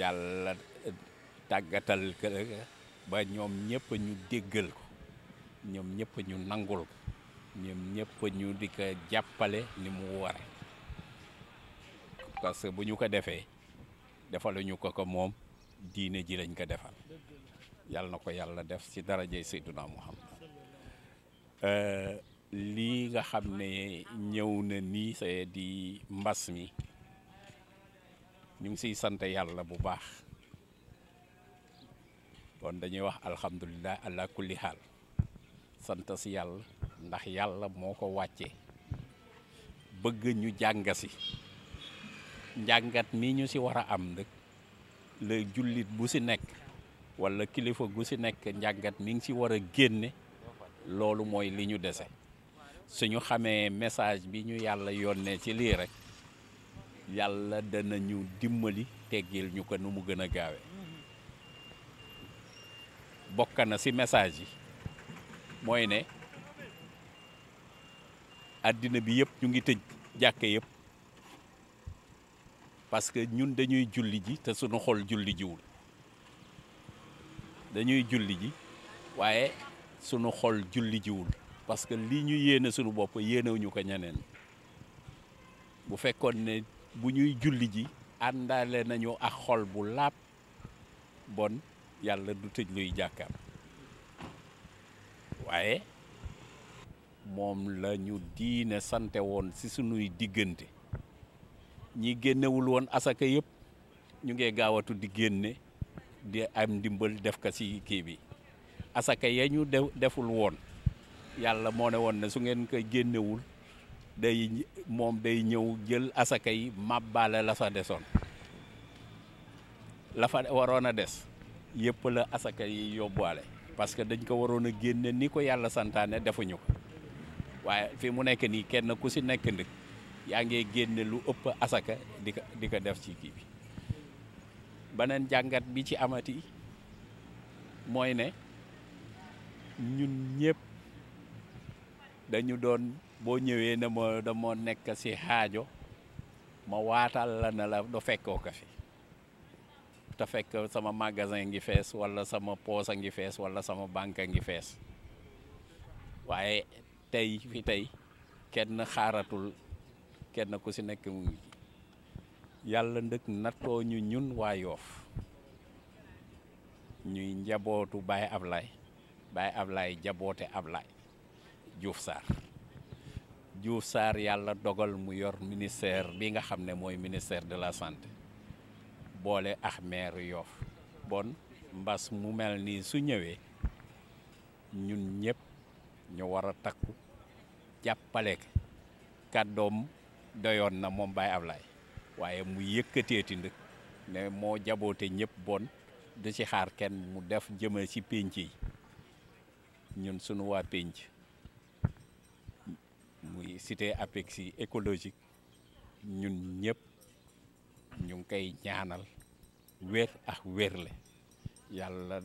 yalla eh, tagatal ba ñom ñepp ñu déggal ko ñom ñepp ñu nangul ko ñoom ñëpp ñu di jappalé ni mu ware parce que buñu ñu ko defee defaluñu ko ko mom diiné ji lañ ko défal yalla nako yalla def si daraaje sayyiduna Muhammad eh, li nga xam ñew na ni di mbass mi ñu ngi siy sante yalla bu baax kon dañuy wax alhamdullilah ala kulli hal sante si yalla ndax yalla moko wacce bëgg ñu jangasi si mi ñu si wara am nek le julit bu si nek wala kilifa gu si nek jangat mi ngi ci wara lolu moy li suñu xamee message bi ñu yàlla yónnee ci lii rek yàlla dana ñu dimbali teggil ñu ko nu mu gën a gaawe bokk na ci message yi mooy ne àddina bi yëpp ñu ngi tëj jàkke yëpp parce que ñun dañuy julli ji te suñu xol julli jiwul dañuy julli ji waaye sunu xol julli jiwul parce que lii ñu yéene sunu bopp yéenewuñu ko ñeneen bu fekkoon ne bu ñuy julli ji àndale nañu ak xol bu laab bon yàlla du tëj luy jàkkar waaye moom la ñu diine sante woon ci sunuy diggante ñi génnewul woon asaka yëpp ñu ngee gaawatu di génne di am ndimbal def ko ci kii bi asaka ya ñu deful woon yàlla moo ne woon ne su ngeen koy génnewul day moom day ñëw jël asaka yi màbbaale la fa desoon la fa waroon a des yëpp la asaka yi yóbbuwaale parce que dañ ko waroon a génne ni ko yàlla santaane defuñu ko waaye fi mu nekk nii kenn ku si nekk ndig yaa ngi génne lu ëpp asaka di ko di ko def ci kii bi beneen jàngat bi ci amati mooy ne ñun ñëpp dañu doon boo ñëwee ne ma dama nekk si xaajo ma waatal la ne la do fekkoo ko fi te fekk sama magasin ngi fees walla sama poos a ngi fees walla sama banque ngi fees waaye tey fi tey kenn xaaratul kenn ku si nekk mu yàlla ndëkk nattoo ñu ñun waa Yoof ñuy njabootu Baye Ablaye Baye Ablaye jaboote Ablaye Diouf Sarr Diouf Sarr yalla dogal mu yor ministère bi nga xamné moy ministère de la santé bolé ak Yoff bon mbas mu melni su ñëwé ñun ñëpp ñu wara takku jappalé kaddom doyon na mom Baye ablay waye mu ti nag ne mo jaboté ñëpp bon du ci xaar kenn mu def jëme ci pénc ñun suñu wa muy cité Apexi écologique ñun ñëpp ñu ngi koy ñaanal wér ak wérle yàlla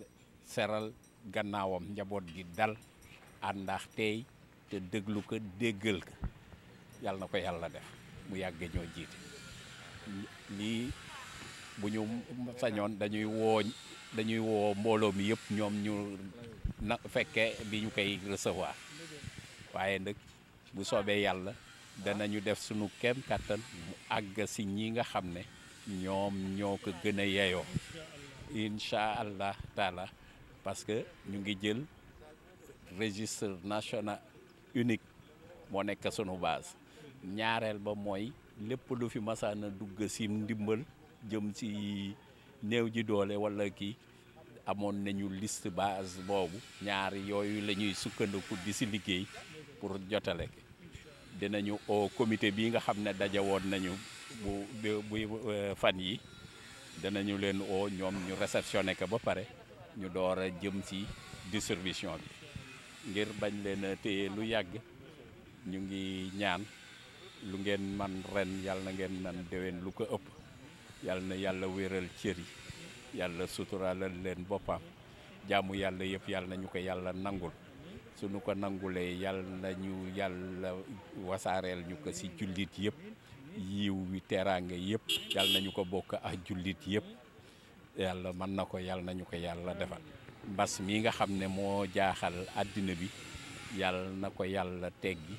seral gannaawam njaboot gi dal àndaax tey te déglu ko déggal ko yàlla na ko yàlla def mu yàgg ñoo jiite lii bu ñu sañoon dañuy woo dañuy woo yëpp ñoom ñu na fekkee bi ñu koy recevoir waaye nag bu soobee yàlla danañu def suñu kem kàttan mu àgg si ñi nga xam ne ñoom ñoo ko gën allah taala parce que ñu ngi jël registre national unique moo nekk sunu base ñaareel ba mooy lépp lu fi masaan a dugg si ndimbal jëm ci néew ji doole wala kii amoon nañu liste base boobu ñaar yooyu la ñuy sukkandiku di si liggéey pour jotale ki dinañu au comité bi nga xam ne daje woon nañu bu bu euh, fan yi danañu leen oo ñoom ñu réceptionné ko ba pare ñu door a jëm si distribution bi ngir bañ leen a téye lu yàgg ñu ngi ñaan lu ngeen man ren yàlla na ngeen man déwén lu ko ëpp yàlla na yàlla wéral cër yi yàlla suturaalal leen boppam jàmm yàlla yëpp yàlla na ñu ko yàlla nangul suñu ko nangule yàlla na ñu yàlla wasaareel ñu ko si jullit yépp yiw wi teraange yëpp yàlla nañu ko bokk ak jullit yëpp yàlla mën na ko yàlla nañu ko yàlla defal mbas mi nga xam ne moo jaaxal àddina bi yàlla na ko yàlla teggi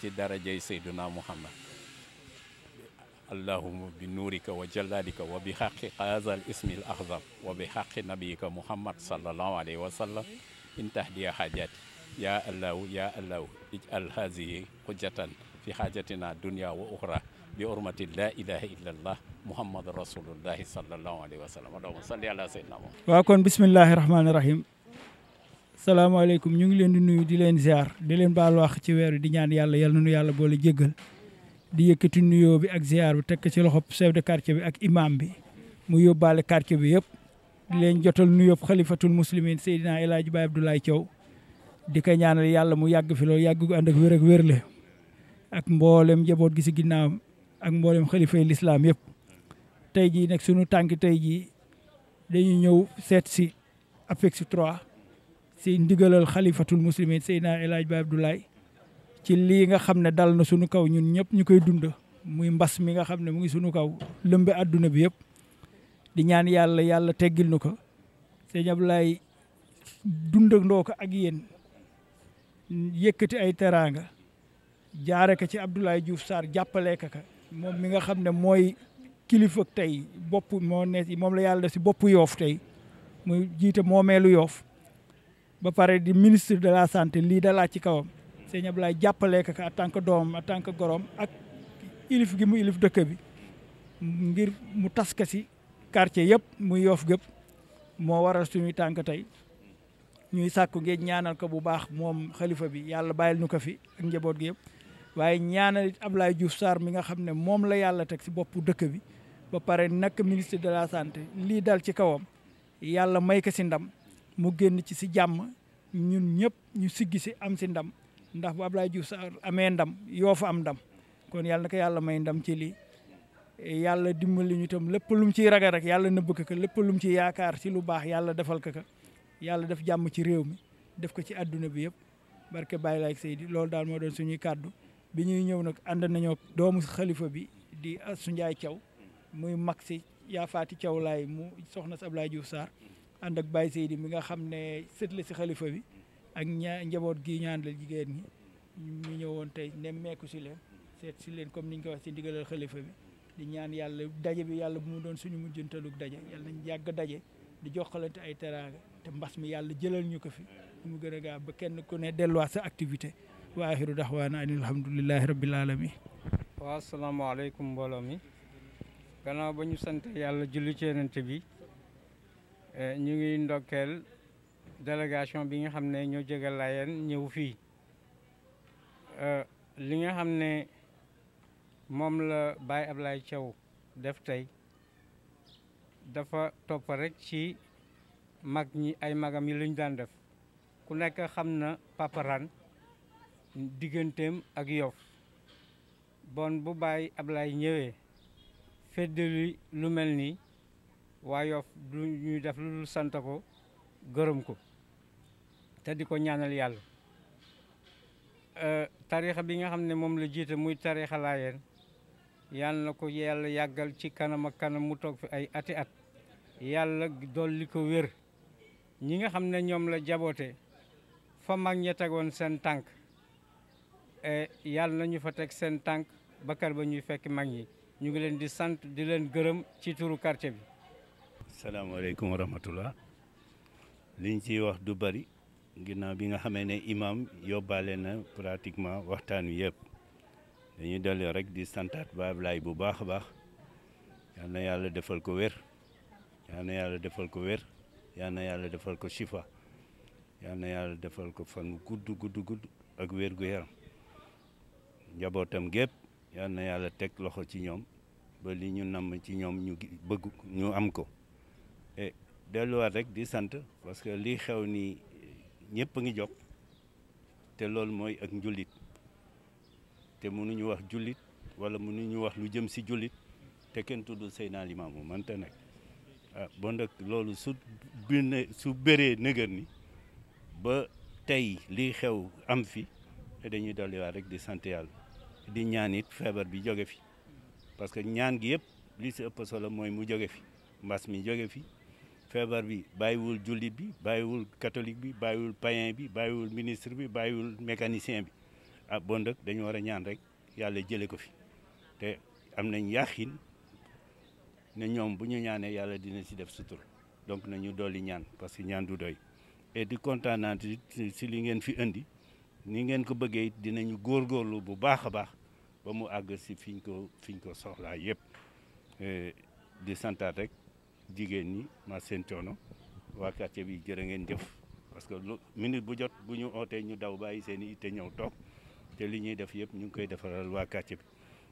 ci darajay sayduna muhammad allahuma bi nuurika wa jalalika wa bi xaqi haazal ismil axzam wa bi xaqi nabiyika muhammad sallallahu alayhi wa sallam in tahdiya xaajaati يا الله يا الله اجعل هذه حجة في حاجتنا دنيا وأخرى بحرمة لا إله إلا الله محمد رسول الله صلى الله عليه وسلم اللهم صل على سيدنا محمد وكن بسم الله الرحمن الرحيم salaamaaleykum ñu ngi leen di nuyu di leen ziar di leen baal wax ci weer di ñaan yàlla yal nañu yàlla boole jéggal di yëkkati nuyoo bi ak ziar bi tekk ci loxo chef de quartier bi ak imam bi mu yóbbaale quartier bi yëpp di leen jotal nuyoo xalifatul muslimin Seydina El Hadj Baye Abdoulaye Thiaw di koy ñaanal yàlla mu yàgg fi loolu yàgg gu ànd ak wér ak wérle ak mboolem njaboot gi si ginnaaw ak mboolem xalifay lislaam yëpp tey jii nag sunu tànk tey jii dañu ñëw seet si APEX 3 si ndigalal xalifatul muslimin Seydina El Hadj Ba Abdoulaye ci lii nga xam ne dal na sunu kaw ñun ñëpp ñu koy dund muy mbas mi nga xam ne mu ngi sunu kaw lëmbe àdduna bi yëpp di ñaan yàlla yàlla teggil nu ko sëñ Abdoulaye dundandoo ko ak yéen yëkkati ay teraanga jaare ko ci Abdoulaye Diouf saar jàppale ka ka moom mi nga xam ne mooy kilifa tey bopp moo ne moom la yàlla si boppu yoof tey muy jiite moomeelu yoof ba pare di ministre de la santé lii dalaa ci kawam sëñ Abdoulaye jàppale ka ka en tant que doomam gorom ak ilif gi mu ilif dëkk bi ngir mu tas ka si quartier yëpp muy yoof gëpp moo waral suñuy tànk tey ñuy sàkku ngeen ñaanal ko bu baax moom xalifa bi yàlla bàyyil ñu ko fi ak njaboot gi yëpp waaye ñaanal it Abdoulaye Diouf Sarr mi nga xam ne moom la yàlla teg si boppu dëkk bi ba pare nak ministre de la santé lii daal ci kawam yàlla may ko si ndam mu génn ci si jàmm ñun ñëpp ñu siggi si am si ndam ndax bu Abdoulaye Diouf Sarr amee ndam yoo fa am ndam kon yàlla na yàlla may ndam ci lii yàlla dimbali ñu itam lépp lu mu ciy ragal rek yàlla nëbb ko ko lépp lu mu yaakaar si lu baax yàlla defal ko ko yàlla def jàmm ci réew mi def ko ci àdduna bi yëpp barke Baye Laye di loolu daal moo doon suñuy kàddu bi ñuy ñëw nag ànd nañoo doomu xalifa bi di Assou Ndiaye Thiaw muy mag si yaa faati Thiaw laay mu soxna si Ablaye Diouf ànd ak Baye Seydi mi nga xam ne sët si xalifa bi ak ña njaboot gi ñaan la jigéen ñi ñu ñëwoon tey nemmeeku si leen seet si leen comme ni ñu ko wax si ndigalal xalifa bi di ñaan yàlla daje bi yàlla bu mu doon suñu mujjantalug daje yàlla nañ daje di jokkalante ay teraanga te mbas mi yàlla jëlal ñu ko fi mu gën a gaaw ba kenn ku ne delluwaat sa activité wa axiru daxwaana ani alhamdulilahi rabbil alamin waaw asalaamaaleykum mbooloo mi gannaaw ba ñu sant yàlla julli ci bi e, ñu ngi ndokkeel délégation bi nga xam ne ñoo jóge Layeen ñëw fii e, li nga xam ne moom la Baye Ablaye Thiaw def tey dafa topp rek ci mag ñi ay magam yi luñ daan def ku nekk xam na paparaan digganteem ak yof bon bu bàyyi Ablaye ñëwee feddali lu mel nii waa yof du ñuy def lu sant ko gërëm ko te di ko ñaanal yàlla euh, tarixa bi nga xam ne moom la jiite muy tarixa laayeen yàlla na ko yàlla yàggal ci kanam ak kanam mu toog fi ay ati at yàlla li ko wér ñi nga xam ne ñoom la jaboote fa mag ña tegoon seen tànk e yàlla na ñu fa teg seen tànk bakar ba ñuy fekk mag ñi ñu ngi leen di sant di leen gërëm ci turu quartier bi. salaamaaleykum wa rahmatullah liñ ciy wax du bari ginnaaw bi nga xamee ne imam yóbbaale na pratiquement waxtaan wi yëpp dañuy dolli rek di santaat ba Ablaay bu baax a baax yal na yàlla defal ko wér yal na yàlla defal ko wér. yal na yàlla defal ko shifa yal na yàlla defal ko fan gudd gudd gudd ak wér gu yaram njabootam gépp yal na yàlla teg loxo ci ñoom ba li ñu namm ci ñoom ñu bëgg ñu am ko e, delluwaat rek di sant parce que lii xew nii ñëpp a ngi jóg te loolu mooy ak njulit te mënuñu wax jullit wala ñu wax lu jëm si jullit te kenn tuddul Seydina Limaamu mënta nekk ah bon nag loolu su bine su bëree nëgër ni ba tey li xew am fi dañuy dolliwaat rek di sant yàlla di ñaanit feebar bi jóge fi parce que ñaan gi yëpp li si ëpp solo mooy mu joge fi mbas mi jóge fi feebar bi bàyyiwul jullit bi bàyyiwul catholique bi bàyyiwul païen bi bàyyiwul ministre bi bàyyiwul mécanicien bi ah bon nag dañu war a ñaan rek yàlla jële ko fi te am nañ yaaxin ne ñoom bu ñu ñaanee yàlla dina si def sutur donc nañu dolli ñaan parce que ñaan du doy et di kontaanaat si li ngeen fi indi ni ngeen ko bëggee it góor góorlu bu baax a baax ba mu àgg si fiñ ko fiñ ko soxlaa yépp di santaat rek jigéen ñi ma seen coono waa quartier bi jërë ngeen jëf parce que lu minute bu jot bu ñu ootee ñu daw bàyyi seen i te ñëw toog te li ñuy def yépp ñu ngi koy defaral waa quartier bi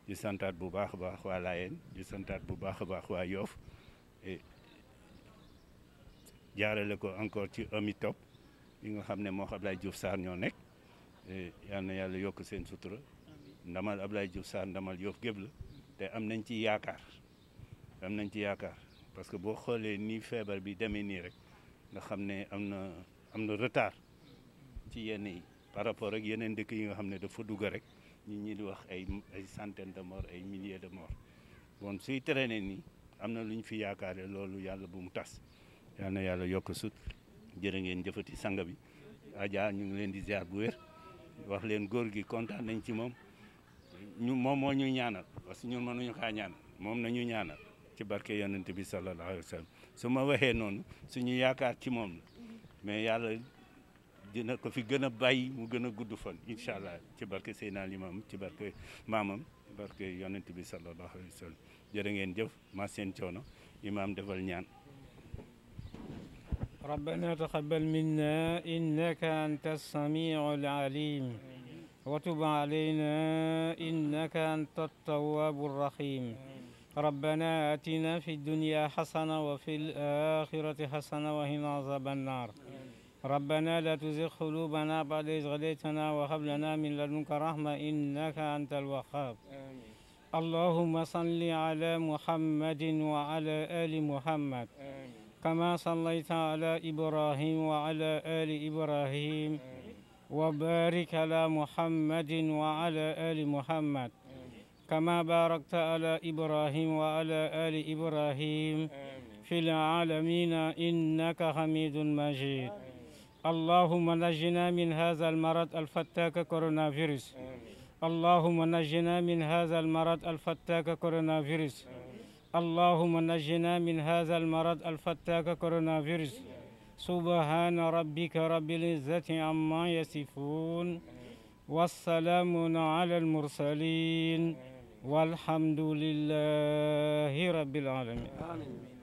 di santaat bu baax a baax waa Laayeen di santaat bu baax a baax waa Yoof e jaarale ko encore ci ami top yi nga xam ne moo Ablaye Diouf Sarr ñoo nekk e yal na yàlla yokk seen sutura ndamal Ablaye Diouf Sarr ndamal Yoof gépp la te am nañ ci yaakaar am nañ ci yaakaar parce que boo xoolee nii feebar bi demee nii rek nga xam ne am na am na retard ci yenn yi par rapport ak yeneen dëkk yi nga xam ne dafa dugg rek nit ñi di wax ay ay centaine de morts ay milier de morts bon suy traîner nii am na lu ñu fi yaakaare loolu yàlla bu mu tas yal na yàlla yokk sut jërë ngeen jëfati sanga bi Adja ñu ngi leen di ziar bu wér wax leen góor gi kontaan nañ ci moom ñu moom moo ñu ñaanal parce que ñun mënuñu kaa ñaanal moom nañu ñaanal ci barke yonent bi sallallahu alayhi wa su ma waxee noonu suñu yaakaar ci moom la mais yàlla dina ko fi gën a bàyyi mu gën a gudd fan incha allah ci barke Seydina Limam ci barke maamam barke yonent bi sallallahu alayhi wa sallam jërë ngeen jëf ma seen coono imaam defal ñaan ربنا تقبل منا إنك أنت السميع العليم وتب علينا إنك أنت التواب الرحيم ربنا آتنا في الدنيا حسنة وفي الآخرة حسنة وهنا عذاب النار ربنا لا تزغ قلوبنا بعد إذ هديتنا وهب لنا من لدنك رحمة إنك أنت الوهاب آمين اللهم صل على محمد وعلى آل محمد آمين. كما صليت على إبراهيم وعلى آل إبراهيم آمين. وبارك على محمد وعلى آل محمد آمين. كما باركت على إبراهيم وعلى آل إبراهيم آمين. في العالمين إنك حميد مجيد آمين. اللهم نجنا من هذا المرض الفتاك كورونا فيروس اللهم نجنا من هذا المرض الفتاك كورونا فيروس اللهم نجنا من هذا المرض الفتاك كورونا فيروس سبحان ربك رب العزة عما يصفون والسلام على المرسلين والحمد لله رب العالمين